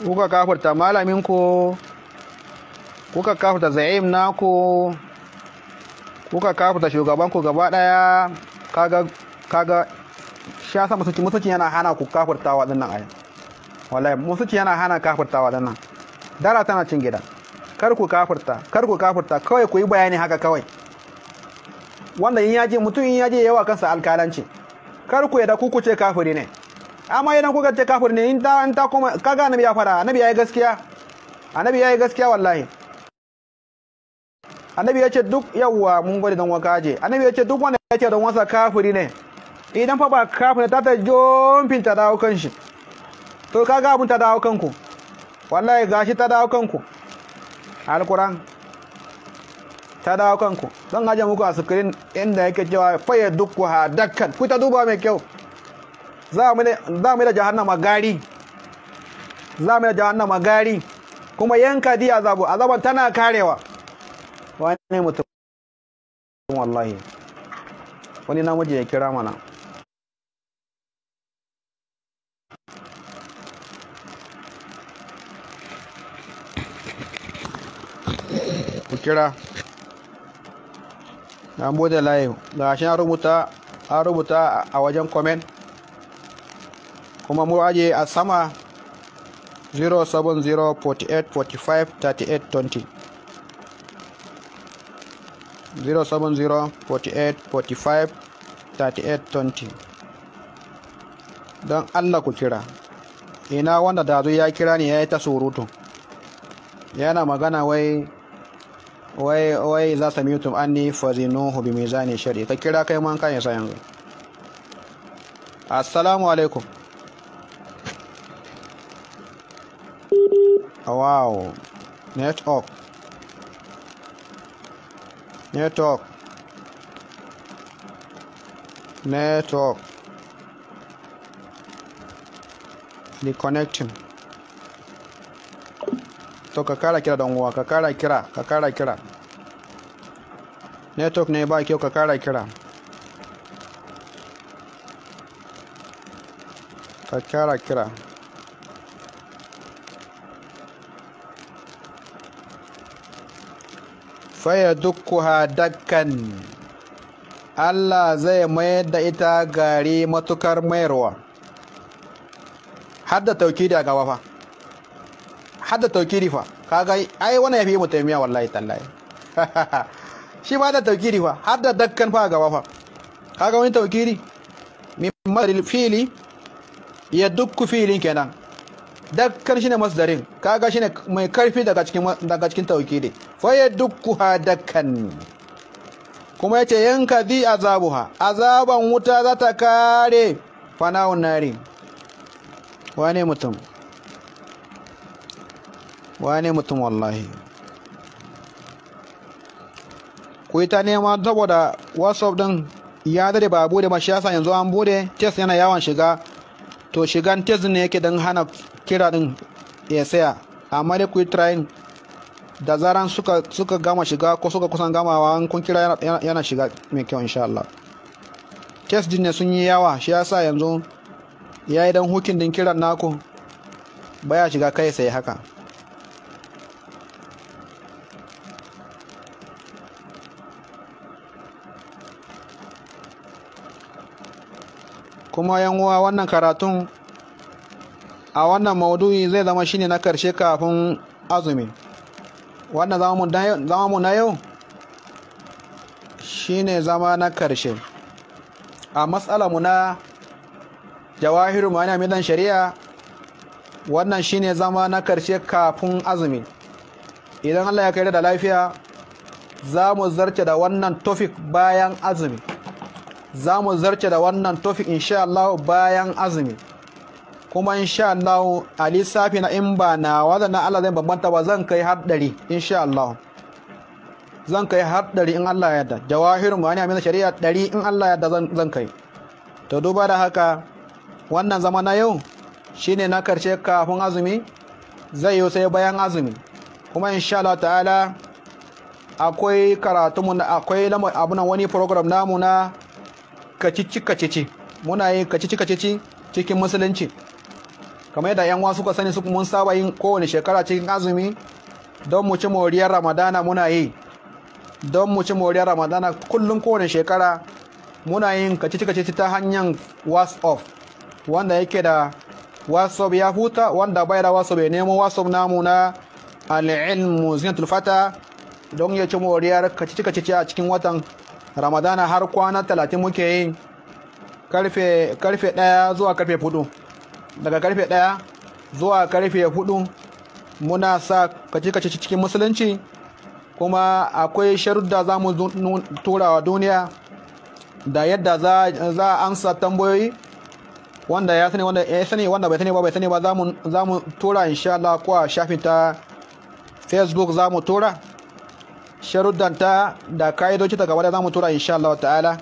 kuka kafurta malaminku kuka kafurta za'im naku kuka kafurta shugabanku gaba daya kaga kaga sha sa musulci musulci yana hana ku kafurta dinnan ayi wallahi musulci yana hana kafurta dinnan dara tana cin gida kar ku kafurta kar ku kafurta kawai ku yi bayani haka kawai wanda in yaje mutum in yaje yawa kansa alkalanci kar ku yadda ku kuce kafiri ne amma idan kuka ce kafiri ne in ta in ta kuma kaga annabi ya fara annabi yayi gaskiya annabi yayi gaskiya wallahi annabi ya ce duk yawa mun gode dan waka je annabi ya ce duk wanda ya ce dan wasa kafiri ne idan fa ba kafiri ta ta jomfin ta dawo kan shi to kaga abun ta dawo kanku wallahi gashi ta dawo kanku alquran ta dawo kanku zan aje muku a screen inda yake cewa faye dukku ha dakkan ku ta duba mai kyau za mu da jahannama gari za mu da jahannama gari kuma yanka di azabu azaban tana karewa wani mutum wallahi wani namiji ya kira mana ku kira na bude layu. ga shi an rubuta a wajen comment kuma mu aje a sama 38 20. don allah ku kira ina wanda dazu ya kira ne ya yi ta surutu yana magana wai wai za mutum an sami'tum anni hobi mai zane shari'a ka kira kai man kan yasa yanzu assalamu alaikum wow network network network the connecting to ka kara kira don uwa ka kara kira ka kara kira network ne ba kyau ka kara kira ka kara kira faya dukkuha dakkan Allah zai mayar da ita gari matukar mayarwa hadda tauki da gaba fa hadda taukidi fa kaga ai wannan yafi mu taimiya wallahi tallahi shi ba da taukiri fa har da dakkan fa gaba fa kaga wani taukiri min madar fili ya dukku filin kenan dakkar shine masdarin kaga shine mai karfi daga cikin daga cikin taukiri fa ya dukku ha dakkan kuma yace yanka zi azabuha azaban wuta za ta kare fana'un nari wane mutum wane mutum wallahi ko yi ta nema saboda whatsapp din ya dade ba bude ba shi yanzu an bude test yana yawan shiga to shigan test ne yake don hana kira din ya saya amma dai ku yi da zaran suka suka gama shiga ko suka kusan gamawa an kun kira yana shiga mai kyau insha Allah test din ne sun yi yawa shi yanzu ya yi dan hukin din kiran naku baya shiga kai sai haka kuma yan uwa wannan karatun a wannan maudu'i zai zama shine na karshe kafin azumi wannan zama mu na yau shine zama na karshe a matsala mu na jawahiru ma'ana midan shari'a wannan shine zama na karshe kafin azumi idan Allah ya kai da lafiya za mu zarce da wannan tofik bayan azumi za mu zarce da wannan topic insha Allah bayan azumi kuma insha Allah a lissafi na in ba na wadda na Allah zai bambanta ba zan kai har ɗari insha Allah zan kai har ɗari in Allah ya yarda mu ma'ani amina shari'a ɗari in Allah ya yarda zan kai to duba da haka wannan zama na yau shine na karshe kafin azumi zai yi sai bayan azumi kuma insha Allah ta'ala akwai karatu akwai abunan wani program namu na kacici-kacici muna yin kacici-kacici cikin musulunci kamar yadda yan wasu sani su mun saba yin kowane shekara cikin azumi don mu ci moriyar ramadana muna yi don mu ci moriyar ramadana kullum kowane shekara muna yin kacici-kacici ta hanyar whatsapp wanda yake da whatsapp ya huta wanda bai da whatsapp ya nemo whatsapp namu na al'ilmu zinatul fata don ya ci moriyar kacici-kacici a cikin watan ramadana har kwana talatin muke yi karfe daya zuwa karfe hudu daga karfe daya zuwa karfe hudu muna sa kace-kace cikin musulunci kuma akwai da za mu tura wa duniya da yadda za a ansa tamboyoyi wanda ya sani wanda ya sani wanda bai sani ba bai sani ba za mu tura insha Allah ko a shafin ta facebook za mu tura sharuddanta da ka'idoci daga wadda za mu tura insha Allah ta'ala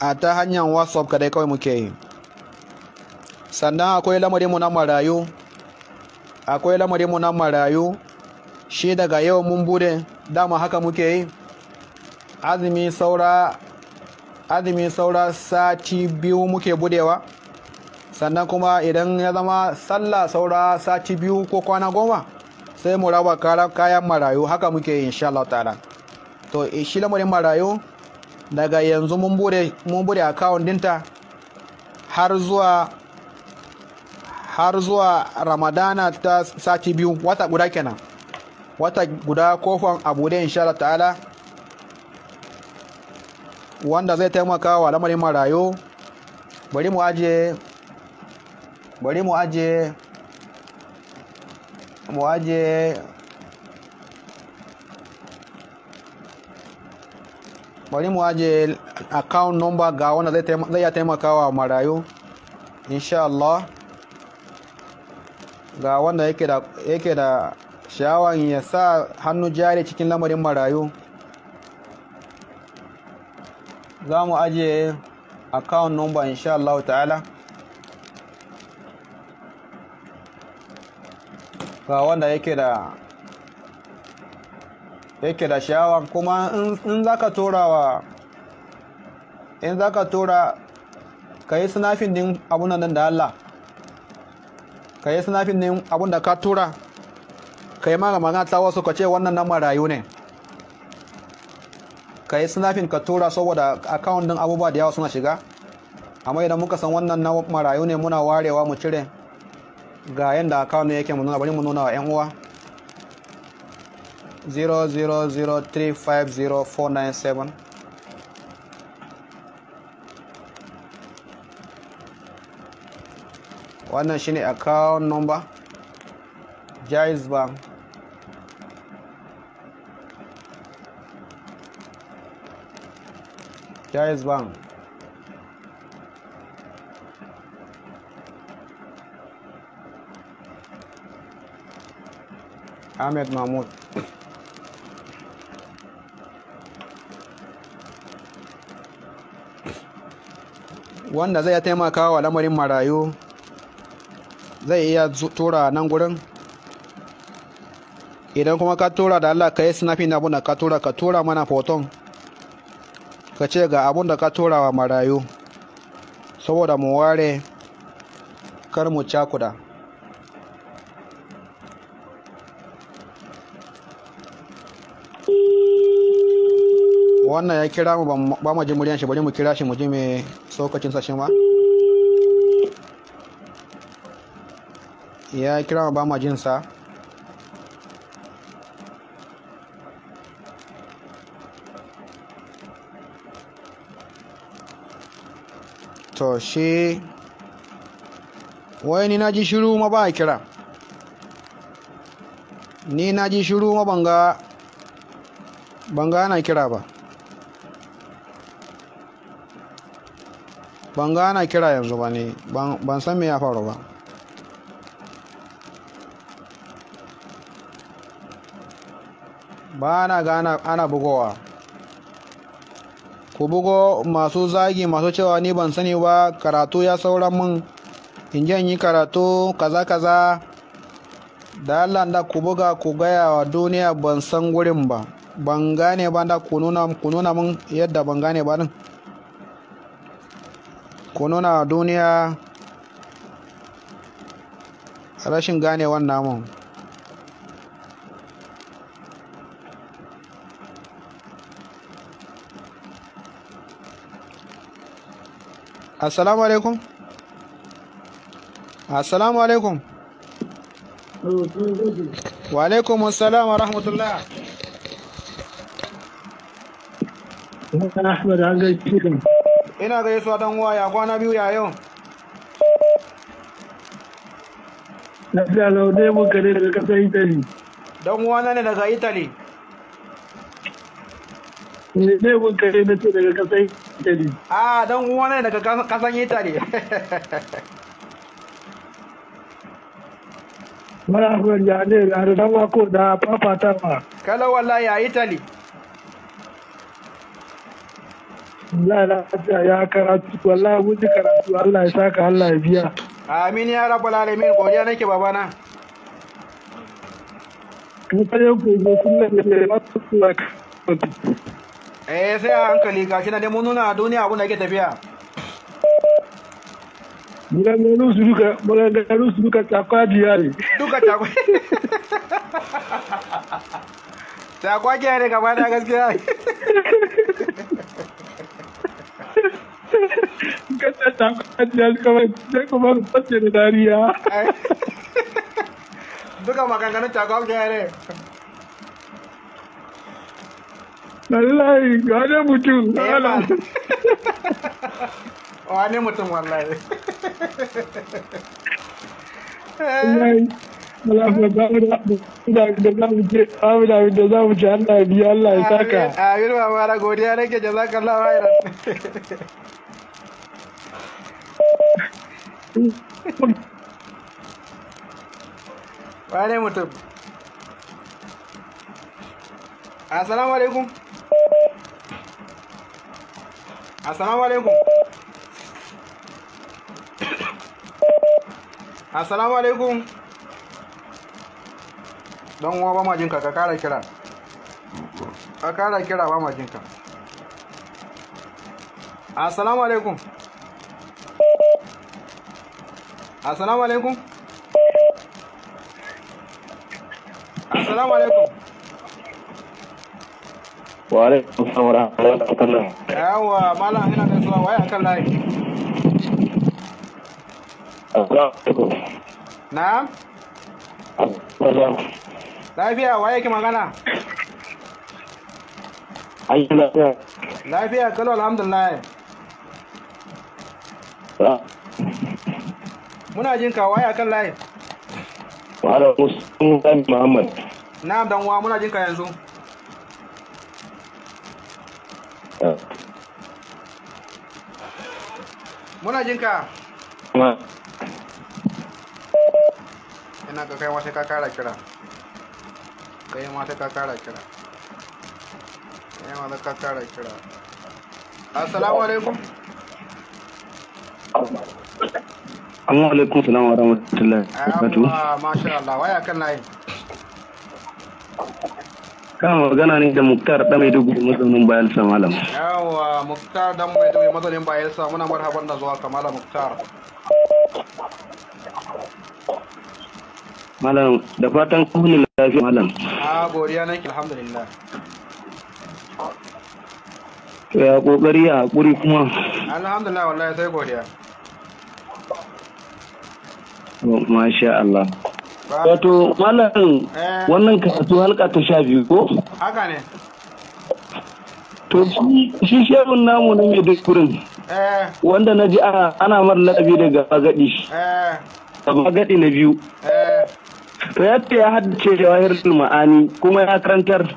a ta hanyar whatsapp kadai kawai muke yi sannan akwai lamarin mu na marayu akwai lamarin mu na marayu shi daga yau mun bude dama haka muke yi azumi saura azumi saura sati biyu muke budewa sannan kuma idan ya zama sallah saura sati biyu ko kwana goma sai mu raba kayan marayu haka muke yin insha Allah ta'ala to eh, shi lamarin marayu daga yanzu mun bude mun bude account dinta har zuwa har zuwa ramadana ta sati biyu wata guda kenan wata guda kofan abu da insha Allah ta'ala wanda zai taimaka wa lamarin marayu bari mu aje bari mu aje mu aje bari mu aje account number ga wanda zai ya taimakawa marayu insha Allah ga wanda yake da sha'awan ya sa hannu jari cikin lamarin marayu za mu aje account number insha Allah ta'ala ba wanda yake da yake da sha'awa kuma in za ka tura wa in za ka tura ka yi sinafin din abun nan da Allah ka yi sinafin din abun da ka tura ka yi mara magana ta wasu ka ce wannan nan marayu ne ka yi sinafin ka tura saboda akawun din abubuwa da yawa suna shiga amma idan muka san wannan nan marayu ne muna warewa mu cire ga yadda account ne yake mu nuna bari mu nuna wa yan uwa 00035049 wannan shine account number jais bank jais bank ahmed mahmud wanda zai taimaka wa lamarin marayu zai iya tura nan gurin idan kuma ka tura da allah ka yi snapping abun da ka tura ka tura mana foton ka ce ga abun da ka tura wa marayu saboda mu ware kar mu cakuda wannan ya kira mu ba mu ji muryan shi bari mu kira shi mu ji me sokacin sa ba ya kira mu ba mu jin sa to shi wai ni na ji shiru ma ba kira ni na ji shiru ma banga banga ana kira ba ban ga kira yanzu ba ne ban san me ya faru ba ba na ga ana bugowa ku bugo masu zagi masu cewa ni ban sani ba karatu ya saura mun in yi karatu kaza kaza da Allah da ku buga ku gaya wa duniya ban san gurin ba ban gane ba da ku nuna mun yadda ban gane ba nan na nuna duniya rashin ganewan namun assalamu alaikum assalamu alaikum wa alaikum assalam wa rahmatullah Ahmad an gaishe ina gaisuwa dan uwa ya kwana biyu ya yau fi lau ne mun kare daga kasar Italy. Dan uwana ne daga Italy. Ne eh, mun kare na ce daga kasar Italy. Ah, dan uwana ne daga kasar Italy. Mara kuwa ya ne da ma ko da fafata ma. Kala wallahi a Italy. wallahi lafiya ya karatu wallahi mun ji karatu Allah ya saka Allah ya biya amin ya rabbal alamin godiya nake babana mutanen kogo kullum da ba su suna eh sai a hankali na dai mun nuna duniya abun da yake tafiya maganganu su duka maganganu su duka takwa diya ne duka takwa takwa ke ne gaba da gaskiya Gasa ta kwanciya kawai sai kuma fasce da dariya. Duka maganganun ta gwamnati yare. Wallahi gane mutum. Wane mutum wallahi. Wallahi. Malafi da za mu ci Allah biya Allah ya saka. Amin ba mara godiya nake jazakallahu khairan. Wane mutum? Assalamu alaikum. Assalamu alaikum. Assalamu alaikum. Don uwa ba majinka ka kara kira. Ka kara kira ba majinka. Assalamu alaikum. assalamu alaikum assalamu alaikum wa alaikum assalam wa rahmatullahi yawa malam ina da suwa waya kan layi assalamu alaikum na'am lafiya waye ke magana lafiya lafiya kalau alhamdulillah muna jin ka waya kan layi Ma'ana Musulun Muhammad. na dan uwa muna jin ka yanzu. Ah. Muna jin ka. Ina ka kai wata ka kara kira. Kai ma ta ka kara kira. Kai ma ta ka kara kira. Assalamu alaikum. Amma alaikum salam wa rahmatullahi wa barakatuh. Ah, masha Allah, waya kan layi. Kana magana ne da Muktar dan Maiduguri mazaunin Bayelsa malam. Yawa Muktar dan Maiduguri mazaunin Bayelsa muna marhaban da zuwa ka malam Muktar. Malam da fatan kuni lafiya malam. A ah, godiya nake alhamdulillah. ya kokari ya hakuri kuma. Alhamdulillah wallahi sai godiya. Masha Allah. Wato malam wannan karatu halka ta sha biyu ko? Haka ne. To shi shehun namu na mai dukkurin. Eh. Wanda na ji ana mara ladabi daga magaɗi. Eh. Magaɗi na biyu. Eh. To ya ce ya haddace jawahirul ma'ani kuma ya karantar.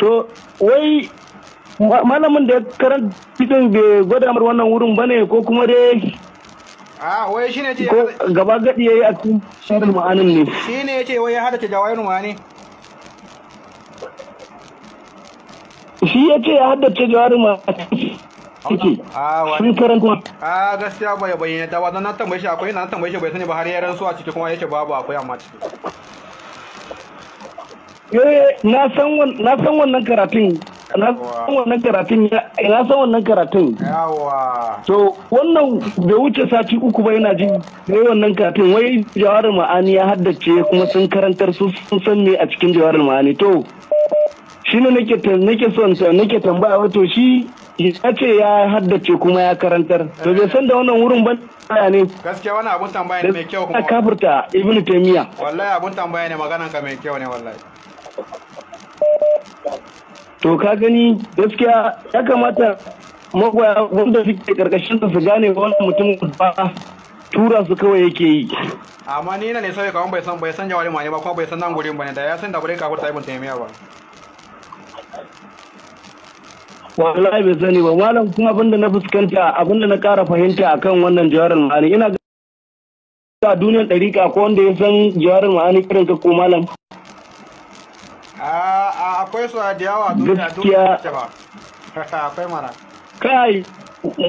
To wai malamin da ya karanta bai gwada mara wannan wurin bane ko kuma dai a wai shine ce gaba gadi yayi a cikin sharri ma'anin ne shine yace wai ya hada jawairu ma'ani shi yace ya hada jawairu ma'ani ciki sun karanta a gaskiya bai bayyana ta wadannan tambaye shi akwai nan tambaye shi bai sani ba har ya rantsu a ciki kuma yace babu akwai amma ciki eh na san wannan karatun na san wannan karatun ina san wannan karatun yawa to wannan bai wuce sati uku ba yana ji sai wannan karatun wai jawarin ma'ani ya haddace kuma sun karantar su sun san me a cikin jawarin ma'ani to shi ne nake son nake tambaya wato shi ya ce ya haddace kuma ya karantar to bai san da wannan wurin ban tambaya ne gaskiya wani abun tambaya ne mai kyau kuma kafirta ibnu taymiya wallahi abun tambaya ne maganan ka mai kyau ne wallahi to ka gani gaskiya ya kamata magoya wanda suke karkashin su gane wani mutum ba tura su kawai yake yi amma ni na ne sai kawai bai san bai san jawari mane ba kuma bai san nan gurin bane da ya san da bare ka furta ibn taymiya ba wallahi bai sani ba malam kuma abinda na fuskanta abinda na kara fahimta akan wannan jawarin ma'ani ina ga duniyar ɗariƙa ko wanda ya san jawarin ma'ani irin ka ko malam Ah, ah, akwai su a da yawa duniya duniya ba akwai mana kai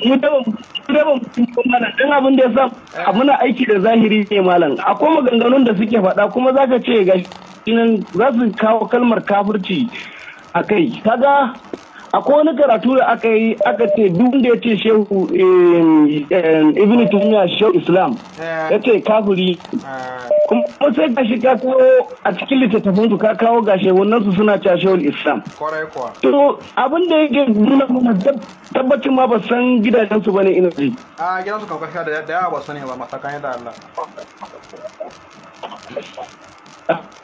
mu da mu mana dan abin da yasa eh. muna aiki da zahiri ne malam akwai maganganun da suke faɗa kuma zaka ce ga nan za su kawo kalmar kafirci a kai kaga akwai wani karatu da aka yi aka ce duk da ya ce shehu ibn tumiya shehu islam eh. ya ce kafiri eh. kuma sai gashi ka kawo a cikin littattafan su ka kawo gashi wannan su suna cewa shehu islam to abin da yake nuna mana tabbacin ma ba san gidajen su bane ina ji a gidan su kawai da yawa ba sani ba masakanya yadda Allah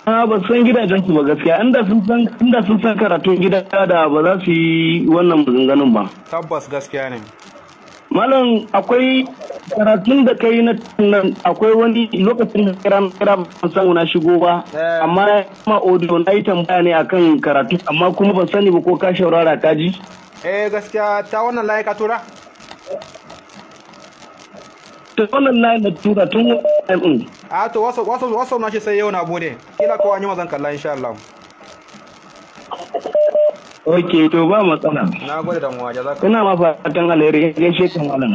Ah, ba san gidajen su ba gaskiya inda sun san inda sun san karatun gida da ba za su yi wannan maganganun ba tabbas gaskiya ne malam akwai karatun da kai na nan akwai wani lokacin da kira kira ban san na shigo ba eh. amma ma audio na yi tambaya ne akan karatu amma kuma ban sani ba ko ka shaurara ka ji eh gaskiya ta wannan layi tura to wannan layin na tura tun wani a to wasu wasu na shi sai yau na bude kila kowa yi mazan kalla insha Allah ok to ba matsala na gode da muwa jazaka ina ma fatan alheri ya shi kan malam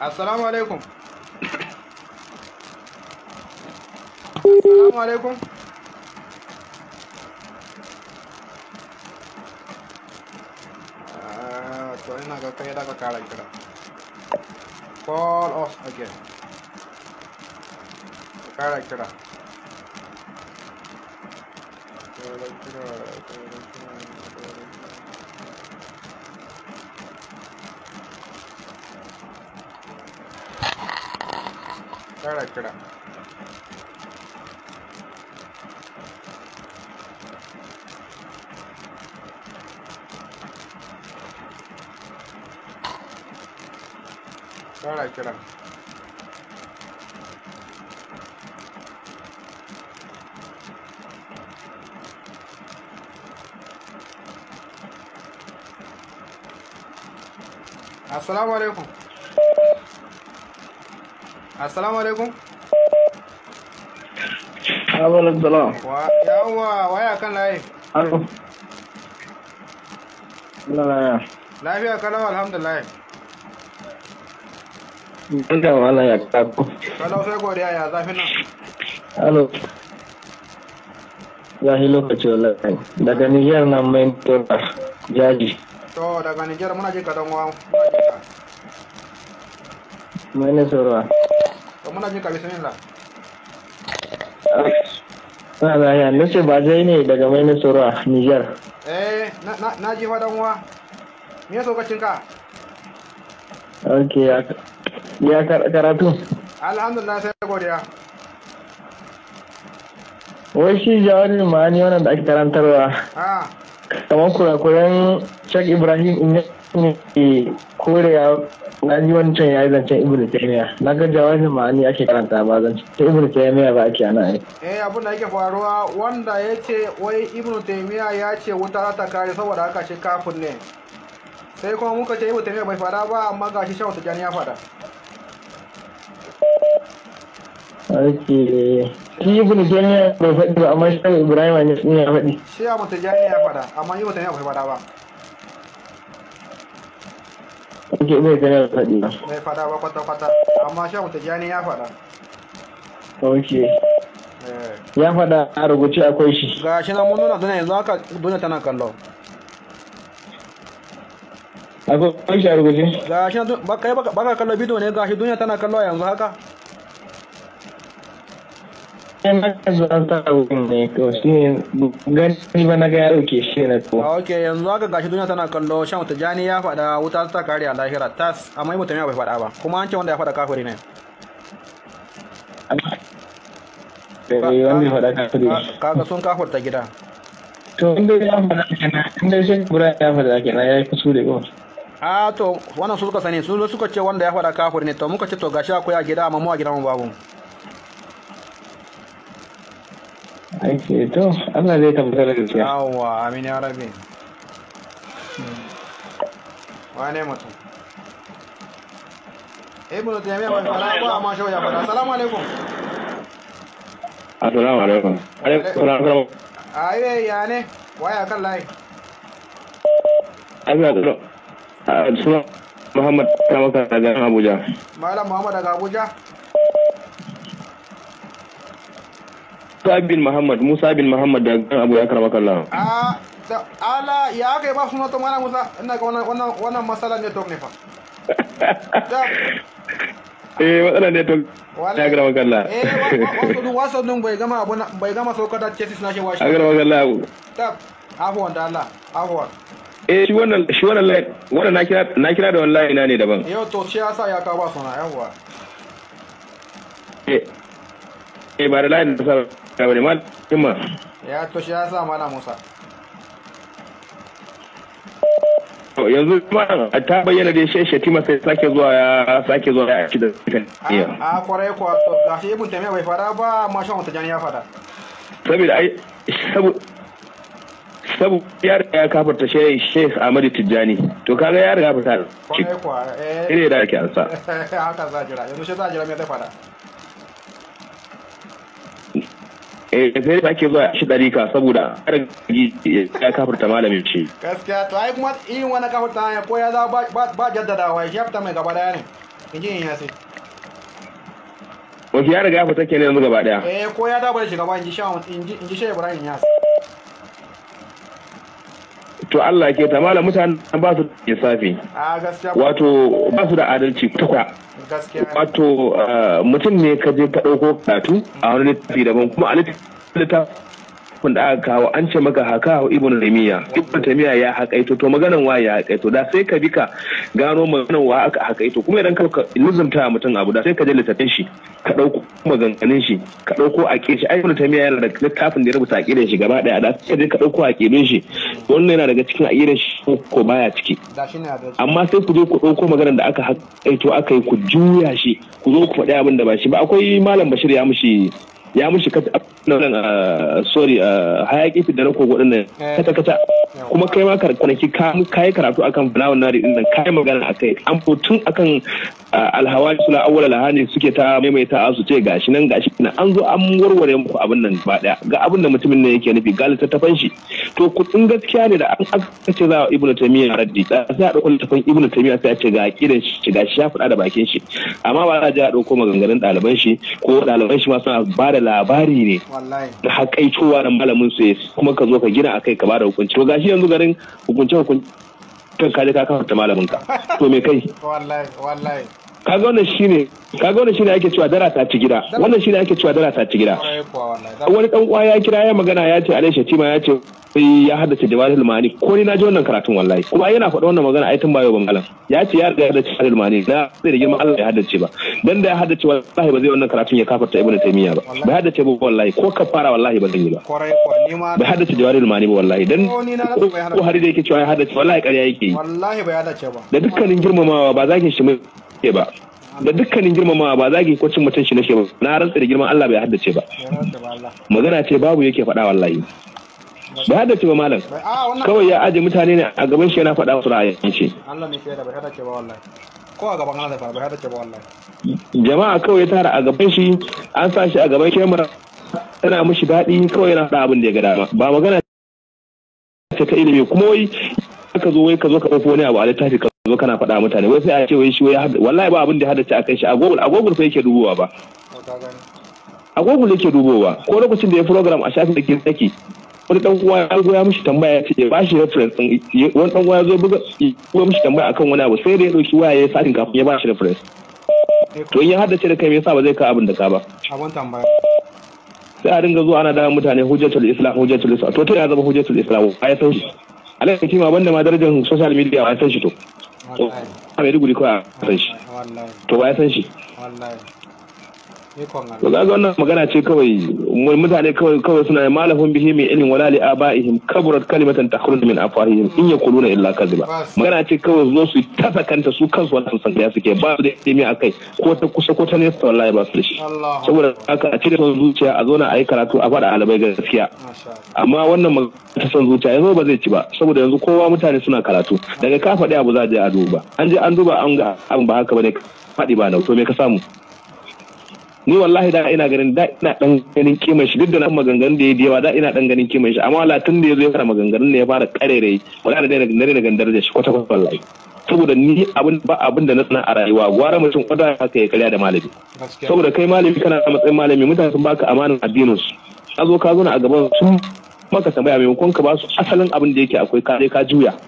assalamu alaikum assalamu alaikum పట్టుకొని నాకు ఒక ఏదో ఒక కాడ ఇక్కడ fall off okay కాడ ఇక్కడ కాడ ఇక్కడ fara kiran assalamu alaikum assalamu alaikum Abalin salam. Yawwa waya kan layi. Alo. Lafiya kalau alhamdulillah. Don da wala ya kago. Kalau sai godiya ya zafi nan. Halo. Ya yi lokaci wallahi. Daga Niger na mai tura jaji. To daga Niger muna jin kadan wa. Mai ne saurara. To muna jin ka bismillah. Na na ya nace ba zai ne daga mai ne saurara Niger. Eh na na ji fadan wa. Me so ka cinka? ok ya karatu alhamdulillah sai godiya wai shi jawabin ma'ani wannan da ake karantarwa kamar kuren shek ibrahim in ne ya na ji can ya yi zancen ibn taymiya na ga jawabin ma'ani ake karanta ba zancen ibn taymiya ba ake ana yi eh abin da yake faruwa wanda ya ce wai ibn taymiya ya ce wuta ta kare saboda haka shi kafin ne sai kuma muka ce ibu taimiyya mai fada ba amma gashi shawo jani ya fada Ake shi ibn Taymiyyah bai faɗi ba amma shi Ibrahim ne sun ya faɗi. Shi ya mutu jani ya fada amma yi Taymiyyah bai fada ba. Ake ibn Taymiyyah bai faɗi ba. Mai fada ba kwata kwata amma shi mutu jani ya faɗa. Ok. Eh. Ya faɗa a rubuce akwai shi. Ga shi na mun nuna duniya yanzu haka duniya tana kallo. Akwai shi a rubuce. Ga shi kai baka kallo bidiyo ne ga shi duniya tana kallo yanzu haka. Ok yanzu haka gashi duniya tana kallo shan wata ya faɗa wuta ta kare a lahira tas amma yi mutum ya bai faɗa ba kuma an ce wanda ya faɗa kafiri ne. Kaga sun kafurta gida. To inda ya faɗa kenan inda ya faɗa kenan ya yi da kawai. a to wannan suka sani su zo suka ce wanda ya faɗa kafir ne to muka ce to gashi akwai a gida amma mu a gidan babu ake to Allah zai tabbatar da gaskiya yawwa amin ya ne waya kan layi Allah da suna Muhammad Kamaka daga Abuja. Malam Muhammad daga Abuja? Musa bin Muhammad, Musa bin Muhammad Abuja Karamakalla. Ah, ala ya kai ba suna to malam Musa, ina ga wannan wannan wannan matsala ne tok ne fa. Eh, matsala ne tok. Ya gara makalla. Eh, wasu dun bai gama abu bai gama sokata ce suna ke washe. Ya gara makalla. Tab, afuwan da Allah, afuwan. eh shi wannan shi wannan line wannan na kira na kira da wallahi na ne daban yau to shi yasa ya kawo ba sona yawa eh eh ba da line da sa ka ne mal himma ya to shi yasa mana Musa yanzu kuma ta bayyana da shi tima sai sake zuwa ya sake zuwa ya ci da kan iya a kwarai kwa to gashi ta mai bai fara ba masha Allah jani ya fada saboda ai saboda ya ya kafarta shi Sheikh Ahmadu Tijjani to kaga ya riga fita eh. shi ne da ake ansa haka za jira yanzu shi za jira me zai fada eh sai ba ke zuwa shi dalika saboda ya kafarta malamin shi gaskiya to ai kuma in wani kafarta ya ko ya za ba jaddadawa ya fita mai gaba daya ne in ji in ya sai Wasu ya riga ya fita kenan yanzu gaba daya. Eh ko ya dawo da shiga ba in ji shan in ji Ibrahim to Allah ke ta mala mutanen ba su da safi wato ba su da adalci takwa wato eh, mutum ne ka je ka ɗauko karatu a wani littafi daban kuma a littafi littafin da aka kawo an ce maka haka wa ibn taymiya ibn taymiya ya ito to maganan wa ya ito da sai ka bi ka gano maganan wa aka ito kuma idan ka luzumta mutum abu da sai ka je littafin shi ka dauko maganganun shi ka dauko aqidin shi ibn taymiya yana da littafin da ya rubuta aqidin shi gaba ɗaya da sai ka je ka dauko shi wannan yana daga cikin aqidin shi ko baya ciki amma sai ku je ku ɗauko maganan da aka ito aka yi ku juya shi ku zo ku faɗi abin da ba shi ba akwai malam bashir ya mushi ya mushi kata sorry hayaki da na kogo din eh. kata kata kuma kai ma kwanaki kayi karatu akan bala nari din nan yi magana A kai an tun akan alhawa suna awwala lahani suke ta maimaita su ce gashi nan gashi nan an zo an warware muku abin nan ba daya ga abin da mutumin ne yake nufi ga littattafan shi to kudin gaskiya ne da an aka ce za ibnu taymiya raddi sai a dauko littafin ibnu taymiya sai a ce ga akidan shi gashi ya fada da bakin shi amma ba za a je a dauko maganganun ɗaliban shi ko ɗaliban shi ma suna ba da labari ne da haƙaicowa da malamin su kuma ka zo ka gina a kai ka bada hukunci to gashi yanzu garin hukunce hukunce kan kaje ka kafa malamin ka to me kai kaga wannan shine kaga wannan shine ake cewa dara ta ci gida wannan shine ake cewa dara ta ci gida wani dan kwaya ya kira ya magana ya ce Alai Tima ya ce ya haddace da Jawarul Mani ko ni na ji wannan karatun wallahi kuma yana faɗa wannan magana ai tun ba yau malam ya ce ya riga ya haddace Jawarul Mani na sai da girman Allah ya haddace ba dan da ya haddace wallahi ba zai wannan karatun ya kafarta Ibn Taymiyyah ba bai haddace ba wallahi ko kafara wallahi ba zai yi ba bai haddace da Jawarul Mani ba wallahi dan ko hari da yake cewa ya haddace wallahi ƙarya yake yi wallahi bai haddace ba da dukkanin girmamawa ba ki shi mai ke ba da dukkanin girmamawa ba zagi ko cin mutunci nake ba na rantsa da girman Allah bai haddace ba magana ce babu yake faɗa wallahi bai haddace ba malam kawai ya aje mutane ne a gaban shi yana faɗa su ra'ayin Allah ne da bai haddace ba wallahi ko a gaban Allah bai haddace ba wallahi jama'a kawai ya tara a gaban shi an sa shi a gaban kyamara tana mishi daɗi kawai yana faɗa abin da ya ga dama ba magana ce ta ilimi kuma wai ka zo wai ka zo ka ɗauko wani abu a littafi ka zo kana faɗa mutane wai sai a ce wai shi wai wallahi ba abin da ya hadace kai shi a google a google sai yake dubowa ba a google yake dubowa ko lokacin da ya program a shafin da ke saki wani dan uwa ya zo ya mishi tambaya ya ce ba shi reference wani dan uwa ya zo ya buga ya mishi tambaya akan wani abu sai da ya dauki waya ya satin kafin ya ba shi reference to in ya haddace da kai me yasa ba zai ka abin da ka ba abin tambaya sai a dinga zuwa ana da mutane hujjatul islam hujjatul islam to to ya zama hujjatul islam a ya sauki shi alaikin ma banda ma darajar social media a ya sauki shi to to a bai duguri kawai a san shi to ba ya san shi to ga wannan magana ce kawai mutane kawai kawai suna malafin bihi mai ilin wala li abaihim kaburat kalimatan takhruj min afwahihim in yaquluna illa kadhiba magana ce kawai zo su tafa kanta su kansu wannan san ya suke ba su da a akai ko ta kusa ko ta nesa wallahi ba su da shi saboda haka a cire son zuciya a zauna a yi karatu a faɗa alibai gaskiya amma wannan magana ta son zuciya yanzu ba zai ci ba saboda yanzu kowa mutane suna karatu daga ka faɗi abu za a je a duba an je an duba an ga abin ba haka bane faɗi ba na to me ka samu ni wallahi da ina ganin da ina dan ganin kimar shi duk da na maganganun da ya yawa da ina dan ganin kimar shi amma wala tun da yazo ya fara maganganun ne ya fara karere wala da na daina gandar da shi kwata kwata wallahi saboda ni abin ba abin da na tsana a rayuwa gwara mutum kwata haka ya karya da malami saboda kai malami kana a matsayin malami mutane sun baka amana a binus ka zo ka zo a gaban su maka tambaya maimakon ka ba su asalin abin da yake akwai kare ka juya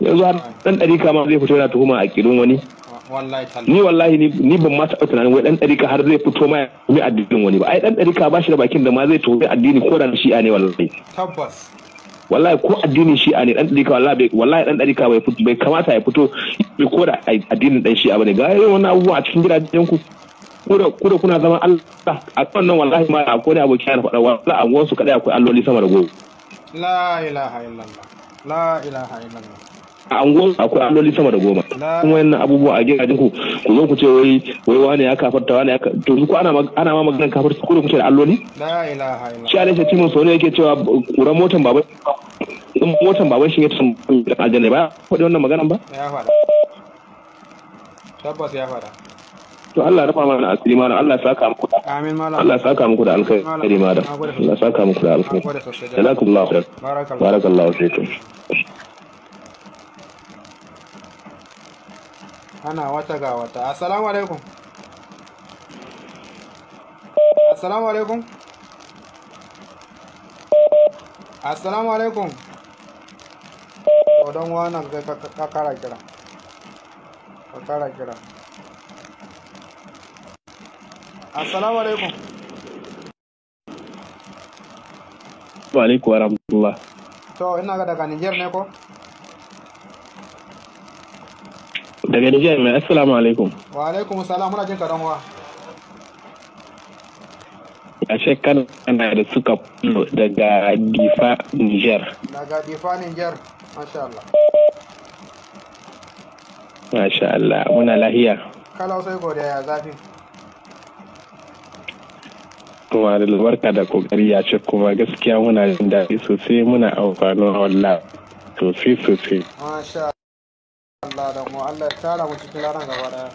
yanzu har dan dari kama zai fito yana tuhuma a kirin wani ni wallahi ni ban ma taɓa tunanin wai ɗan ɗarika har zai fito ma mai addinin wani ba ai ɗan ɗarika ba shi da bakin da ma zai tobe addini ko da shi'a ne wallahi tabbas wallahi ko addinin shi'a ne ɗan ɗarika wallahi wallahi ɗan ɗarika bai bai kamata ya fito bai ko da addinin ɗan shi'a bane ga irin wannan abubuwa a cikin gidajen ku kuda kuda kuna zaman Allah a kan nan wallahi ma ne abokin ya faɗa wallahi a wasu kada akwai alloli sama da goma la ilaha illallah la ilaha illallah a angon akwai alloli sama da goma kuma yana abubuwa a gidajen ku ku zo ku ce wai wai wani ya kafarta wani ya to ku ana ana ma maganar kafarta ku ku ce da alloli la ilaha illallah shi alaihi timon sone yake cewa kuran motan baba in motan baban shi ya tambaye aljanna ba faɗi wannan maganar ba ya faɗa tabbas ya faɗa to Allah rafa mana asiri mana Allah saka muku da amin malam Allah saka muku da alkhairi malam Allah saka muku da alkhairi jazakumullahu khair barakallahu fikum ana wata ga wata assalamu alaikum assalamu alaikum assalamu alaikum don wannan zai ka kara kira ka kara kira assalamu alaikum wa alaikum wa rahmatullah to ina ga daga Niger ne ko Daga Nijar mai assalamu alaikum. Wa alaikum salam muna jin karamuwa. A shekar ana da suka fulo daga Difa Nijar. Daga Difa Nijar, masha Allah. Masha Allah, muna lahiya. Kalau sai godiya ya zafi. kuma da albarka da kokari ya ce kuma gaskiya muna jin daɗi sosai muna amfani wallah sosai sosai. Masha Allah da mu Allah ya tara mu cikin ranar gaba daya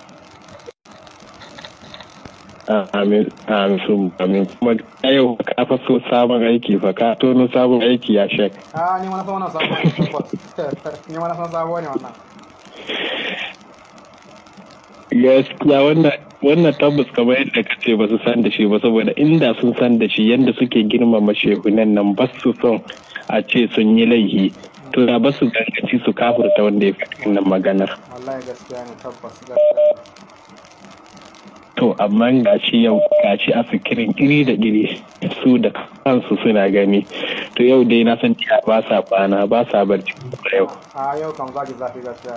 Amin, amin, sun amin. Kuma yau ka fa so sabon aiki fa ka tono sabon aiki ya shek. Ah, ni wannan sabon aiki. Ni ne wannan. wannan wannan tabbas kamar yadda ka ce ba su san da shi ba saboda inda sun san da shi yadda suke girmama shehunan nan ba su son a ce sun yi laihi to da ba su gargaci su kafurta wanda ya faɗi wannan maganar to amma gashi yau gashi a fikirin iri da iri su da kansu suna gani to yau dai na san cewa ba sa bana ba sa barci yau a yau kan zaki zafi gaskiya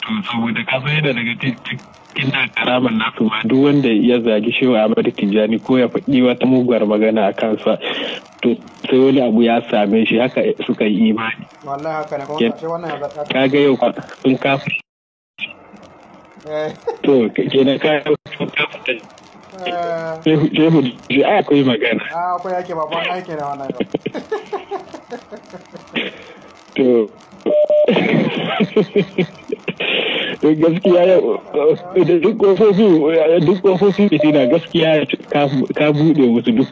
to saboda ka san da daga cikin da karamar nasu ma duk wanda ya zagi shewa a bari tijjani ko ya faɗi wata muguwar magana a kansa to sai wani abu ya same shi haka suka yi imani yau sun kafa eh. to kenan ka kafa ji a akwai magana. Ah, akwai yake To. Eh, gaskiya yau eh, duk kofofi eh, duk kofofi fitina gaskiya ka bude musu duk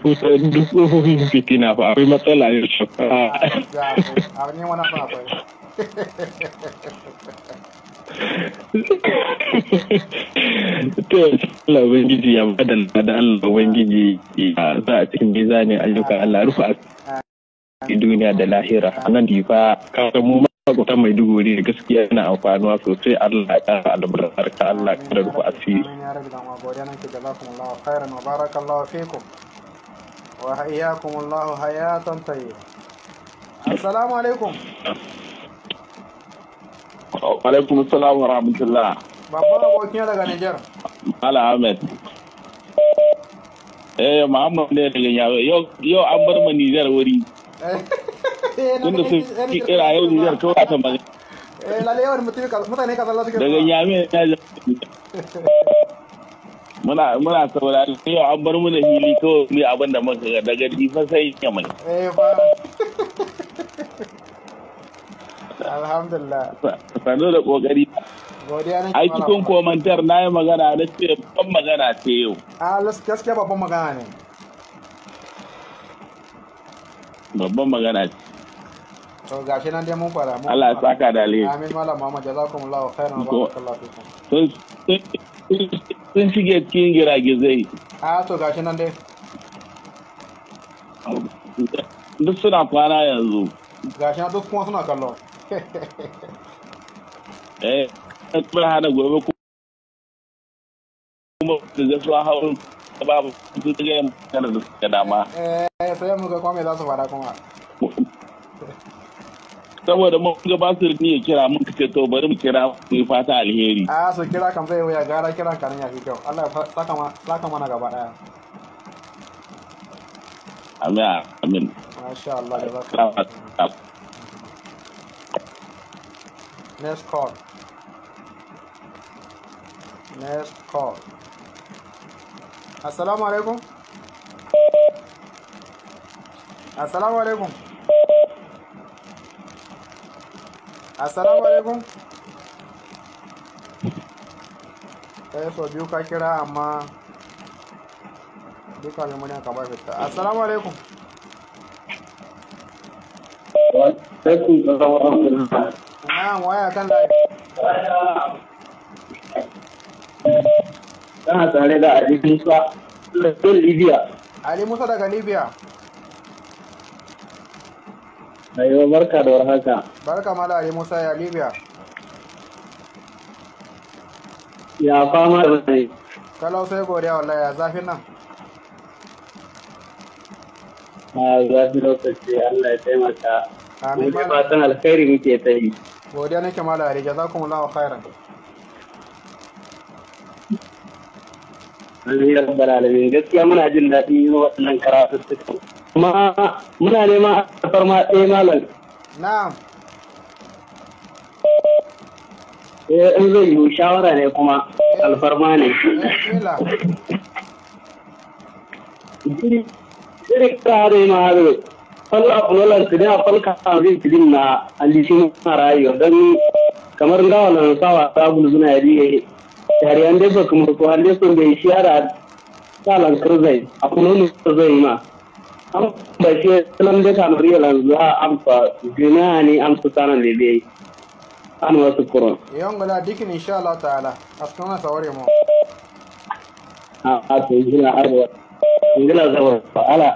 kofofi fitina fa akwai matsala yau ta Allah Ubangiji ya bada da Allah Ubangiji ya za a cikin mizanin ayyukan Allah rufa a duniya da lahira a nan difa kasan mu makwata maiduguri gaskiya yana amfanuwa sosai allah ya kara albarka allah ya kara rufe asiri Allah الله حياة طيبة السلام Wa وعليكم السلام ورحمة الله بابا abokin daga Nijar. Mala Ahmed. Eh Muhammad ne daga Yau yau an bar mu Nijar wuri. Eh, tunda su ki kira yau Daga Yami ya Muna muna saurari yau an bar mu da hili kawai ne abin da muka ga daga jifa sai ya mai. Eh Alhamdulillah. Sanu da kokari. Ai cikin komantar na yi magana na ce ban magana ce yau. Ah gaskiya babban magana ne. babban magana ce to gashi nan dai mun fara Allah ya saka da alheri amin malam Muhammad khairan wa barakallahu fikum sun shige cikin giragizai a to gashi nan dai duk suna kwana yanzu gashi nan duk kuma suna kallo eh kuma hana gobe kuma da zai haurin babu sun ta gaya magana da suka dama. Eh sai mu ga kuma me za su faɗa kuma. Saboda mun ga Basir ne ya kira mun kace to bari mu kira mu yi fata alheri. A ah, so kira kan zai wuya gara kira kan ya fi kyau. Allah ya saka ma saka mana gaba daya. Amin amin. Masha Allah da baka. Next call. Next call. assalamu alaikum assalamu alaikum assalamu alaikum kai eh, so biyu ka kira amma duka mai muni aka ba fita assalamu alaikum Na'am waya kan lafiya. tana tare da Ali Musa daga Libya. Ali Musa daga Libya. Aiwa barka da warhaka. Barka mala Ali Musa ya Libya. Ya fama da wani. Kalau sai godiya wallahi ya zafin nan. A zafi lokaci Allah ya taimaka. Amin. Mu fatan alkhairi muke ta yi. Godiya nake mala Ali jazakumullahu khairan. Amin rabbal alamin gaskiya muna jin daɗin yin waɗannan Kuma muna neman ma ɗaya malam. Na'am. Eh in zai yi shawara ne kuma alfarma ne. Jiri kare ma hazo. Fal afnolan su da fal ka zai tilin na alishin rayuwa don kamar gawa na sawa sabulu suna yari yari an dai kuma ko an sun bai shiyara talan kurzai a kunonu kurzai ma an ba shi sunan da kamar mariya lanzu a amfa gina ne amsa sanan da bai an wasu kuron. yawan gula dikin sha Allah ta'ala a su wani saware mu. a to yi na harwa ingila zawar ala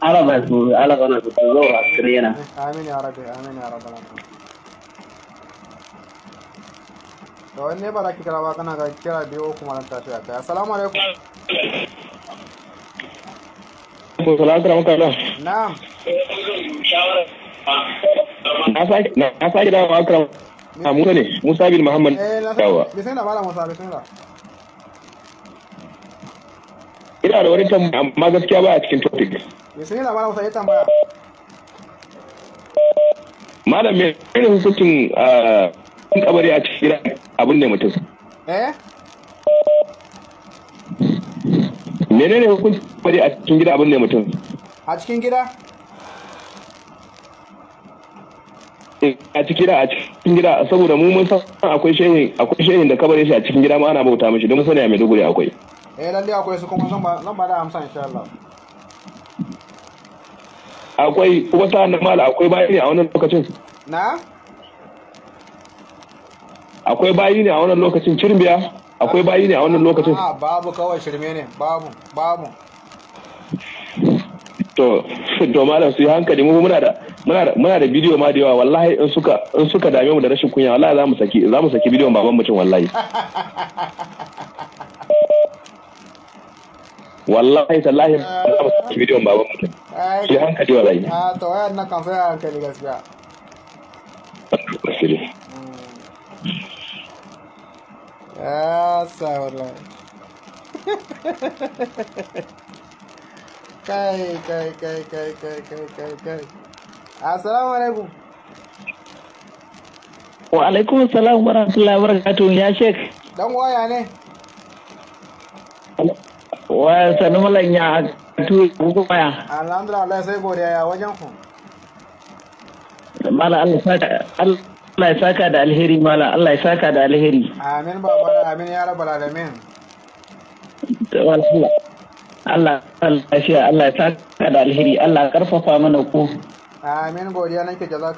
ala ba su ala ba na su zawar a cikin yana. amin ya rabe amin ya rabe da wani ne ba za ki kira ba kana ga kira biyu kuma nan tashi a kai assalamu alaikum ko salamu alaikum kana na'am na da wa akram a musa ne musa bin muhammad eh, dawa bisaina bala musa bi sai bisaina ina da wani tambaya amma gaskiya ba a cikin topic bisaina bala musa ya tambaya malam me ne ah, hukuncin kabari a cikin abin ne mutum eh ne hukunci bari a cikin gida abin ne mutum a cikin gida a cikin gida a cikin gida saboda mu mun san akwai shehin akwai shehin da kabare shi a cikin gida ma ana bauta mishi don sani a Maiduguri akwai eh lalle akwai su kuma zan ba zan ba da amsa insha Allah akwai kuma sa'an da mala akwai bayani a wannan lokacin na akwai bayi ne a wannan lokacin cirbiya akwai bayi ne a wannan lokacin ah, babu kawai shirme ne babu babu to to malam su yi hankali mu muna da muna da bidiyo ma da yawa wallahi in suka in suka dame mu da rashin kunya wallahi za mu saki za mu saki bidiyon baban mutum wallahi wallahi tallahi za mu saki ah. bidiyon baban mutum shi hankali wallahi ah, to wayan nan kan sai hankali gaskiya mm. सावरला काय काय काय काय काय काय काय काय assalamu alaikum wa alaikum assalam wa rahmatullahi wa barakatuh ya shek dan waya ne wa sanu malan ya tu ku waya alhamdulillah sai godiya ya wajen ku mala Allah sa Allah Allah ya saka da alheri mala Allah ya saka da alheri amin baba amin ya rabu alamin Allah lafiya Allah ya saka da alheri Allah karfafa mana ku amin godiya nake khaira.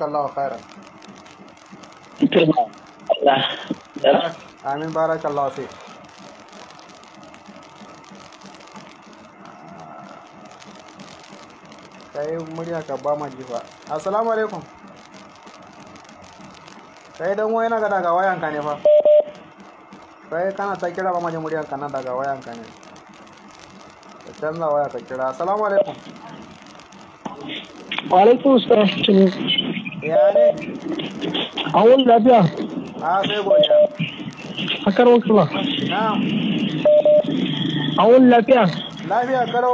Allah. amin Allah fi kai murya ka ba ma jifa assalamu alaikum kai dan wai naga daga wayan ka ne fa kai kana ta kira ba maje muryar kana daga wayan ka ne ka canza waya ka kira assalamu alaikum wa alaikum assalam ya ne an wani lafiya a sai godiya a karo kula na'am an wani lafiya lafiya karo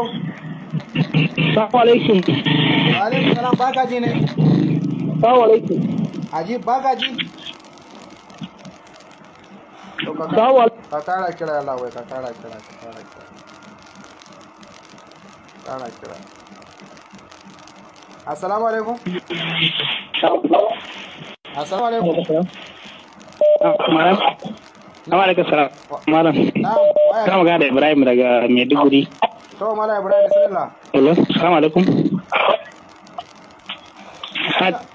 salamu alaikum wa alaikum salam baka ji ne salamu alaikum Aji ba ka ji? Ka kara kira lawai ka kara kira ka kara kira. Kara kira. Assalamu alaikum. Assalamu alaikum. Assalamu alaikum salam. Malam. Kana magana alaikum. Ibrahim daga Maiduguri. To Malam Ibrahim sallallahu. Hello, assalamu alaikum.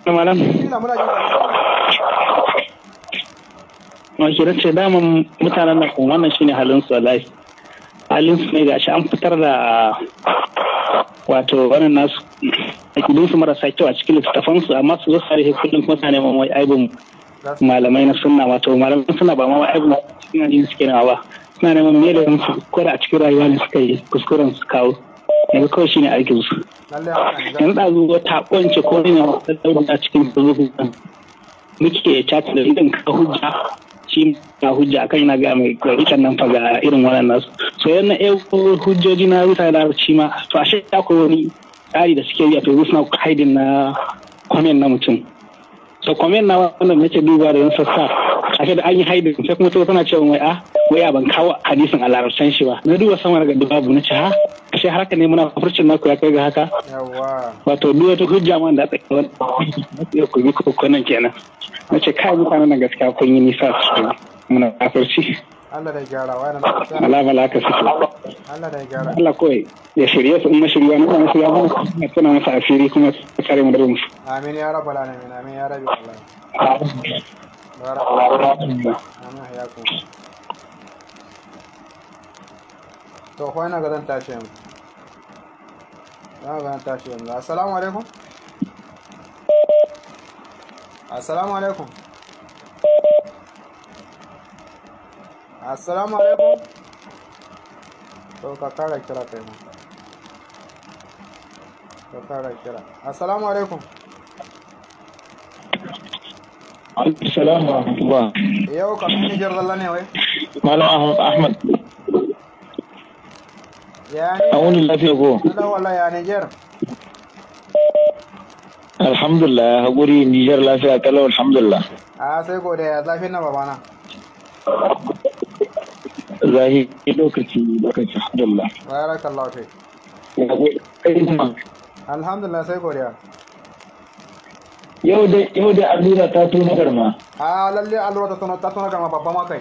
malam. Mashirar ce daman mutanen nan kuma wannan shine halin su wallahi. Halin su ne gashi an fitar da wato wannan nasu akidun su marasa kyau a cikin littattafan su amma su zo sare kullum kuma sane mun wai aibin malamai na sunna wato malamai suna ba ma wai aibin suna yin suke nawa ba. Suna neman mele su kuskure a cikin rayuwa ne suka yi kuskuren su kawo. yanzu kawai ne aikin su yanzu da ta kwance ko ne na wasan A cikin facebook din muke chat da idan ka hujja shi na hujja akan na ga mai kwarikan nan fa ga irin wannan nasu so yana eh hujjoji na rusa da shi ma to ashe akwai wani tsari da suke yi a facebook suna na comment na mutum so comment na wannan nake duba da yan sassa aka da an yi haidin sai kuma tuka tana cewa wai ah, a ban kawo hadisin a larabcin shi ba na duba sama daga dubabu na ci ha ashe har haka ne muna furcin naku ya kai ga haka wato duk wata hujja man da tsakawa ya ku yi kokonan kenan na ce kai mutanen nan gaskiya kun yi nisa muna kafirci Allah da gyara wa yana da Allah malaka su Allah da gyara Allah kawai ya shirye su shirya mu kuma shirya mu tana masa asiri kuma kare mu da mu amin to kwa na zan tashi yanzu yana zan tashi yanzu assalamu alaikum assalamu alaikum assalamu alaikum to ka kara kira kai mu ka kara kira assalamu alaikum Assalamu alaikum. Yau kamar Nijar zalla ne wai? Malam Ahmad Ahmad. Ya ne? An wuni lafiya ko? Zalla wala ya Nijar. ya haƙuri Nijar lafiya kalau alhamdulillah. A sai godiya zafi na babana. Zahi lokaci lokaci alhamdulillah. Barakallahu fi. sai godiya. yau dai yau dai allura ta tona garma a lalle allura ta tona ta tona garma babba ma kai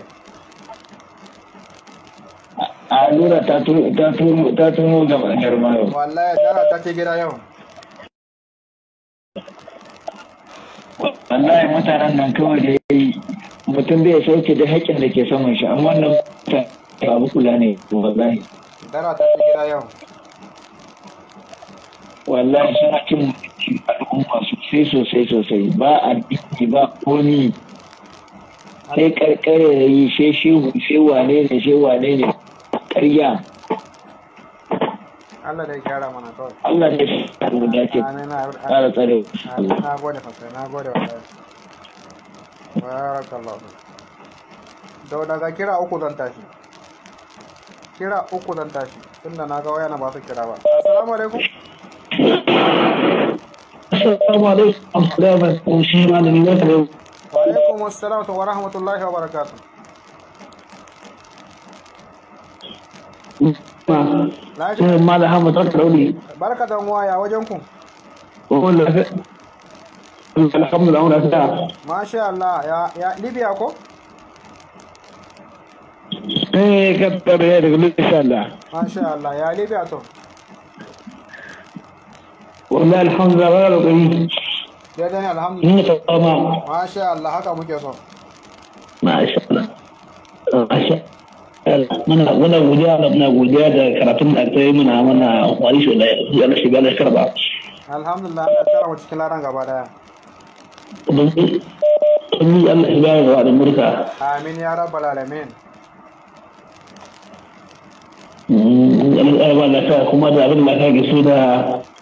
allura ta ta ta tono garma yau wallahi tara ta ce gida yau wallahi mutanen nan kawai da yi. mutum bai sauke da haƙƙin da ke saman shi amma nan abu kula ne wallahi dara ta ce gida yau wallahi suna cin cikin al'umma sosai sosai sosai ba addini ba komi sai karkare da yi sai shi sai wane ne sai wane ne karya Allah dai kyara mana kawai. Allah dai mu dace. Ƙara tsare. Na gode fasai, na gode wa Barakallahu. Da daga kira uku zan tashi. Kira uku zan tashi. Tunda na ga waya na ba su kira ba. Assalamu alaikum. السلام عليكم ورحمة الله وبركاته. وعليكم السلام ورحمة الله وبركاته. ما لها متأثر أولي. بارك الله معايا وجنكم. قول له. الحمد لله ولا تدع. ما شاء الله يا يا ليبيا كو. إيه كتر يا رجل إن شاء الله. ما شاء الله يا ليبيا تو. والله الحمد لله يا رب العالمين الحمد لله تمام ما شاء الله حكى مكي صح ما شاء الله ما شاء من من وجاد ابن وجاد كرتون اكثر من انا وليش ولا يلا شي بلا شرب الحمد لله انا ترى مشكلة رانغا بعدا بني الله سبحانه وتعالى مرتا امين يا رب العالمين امم انا والله كما ده ابن ما كان يسودا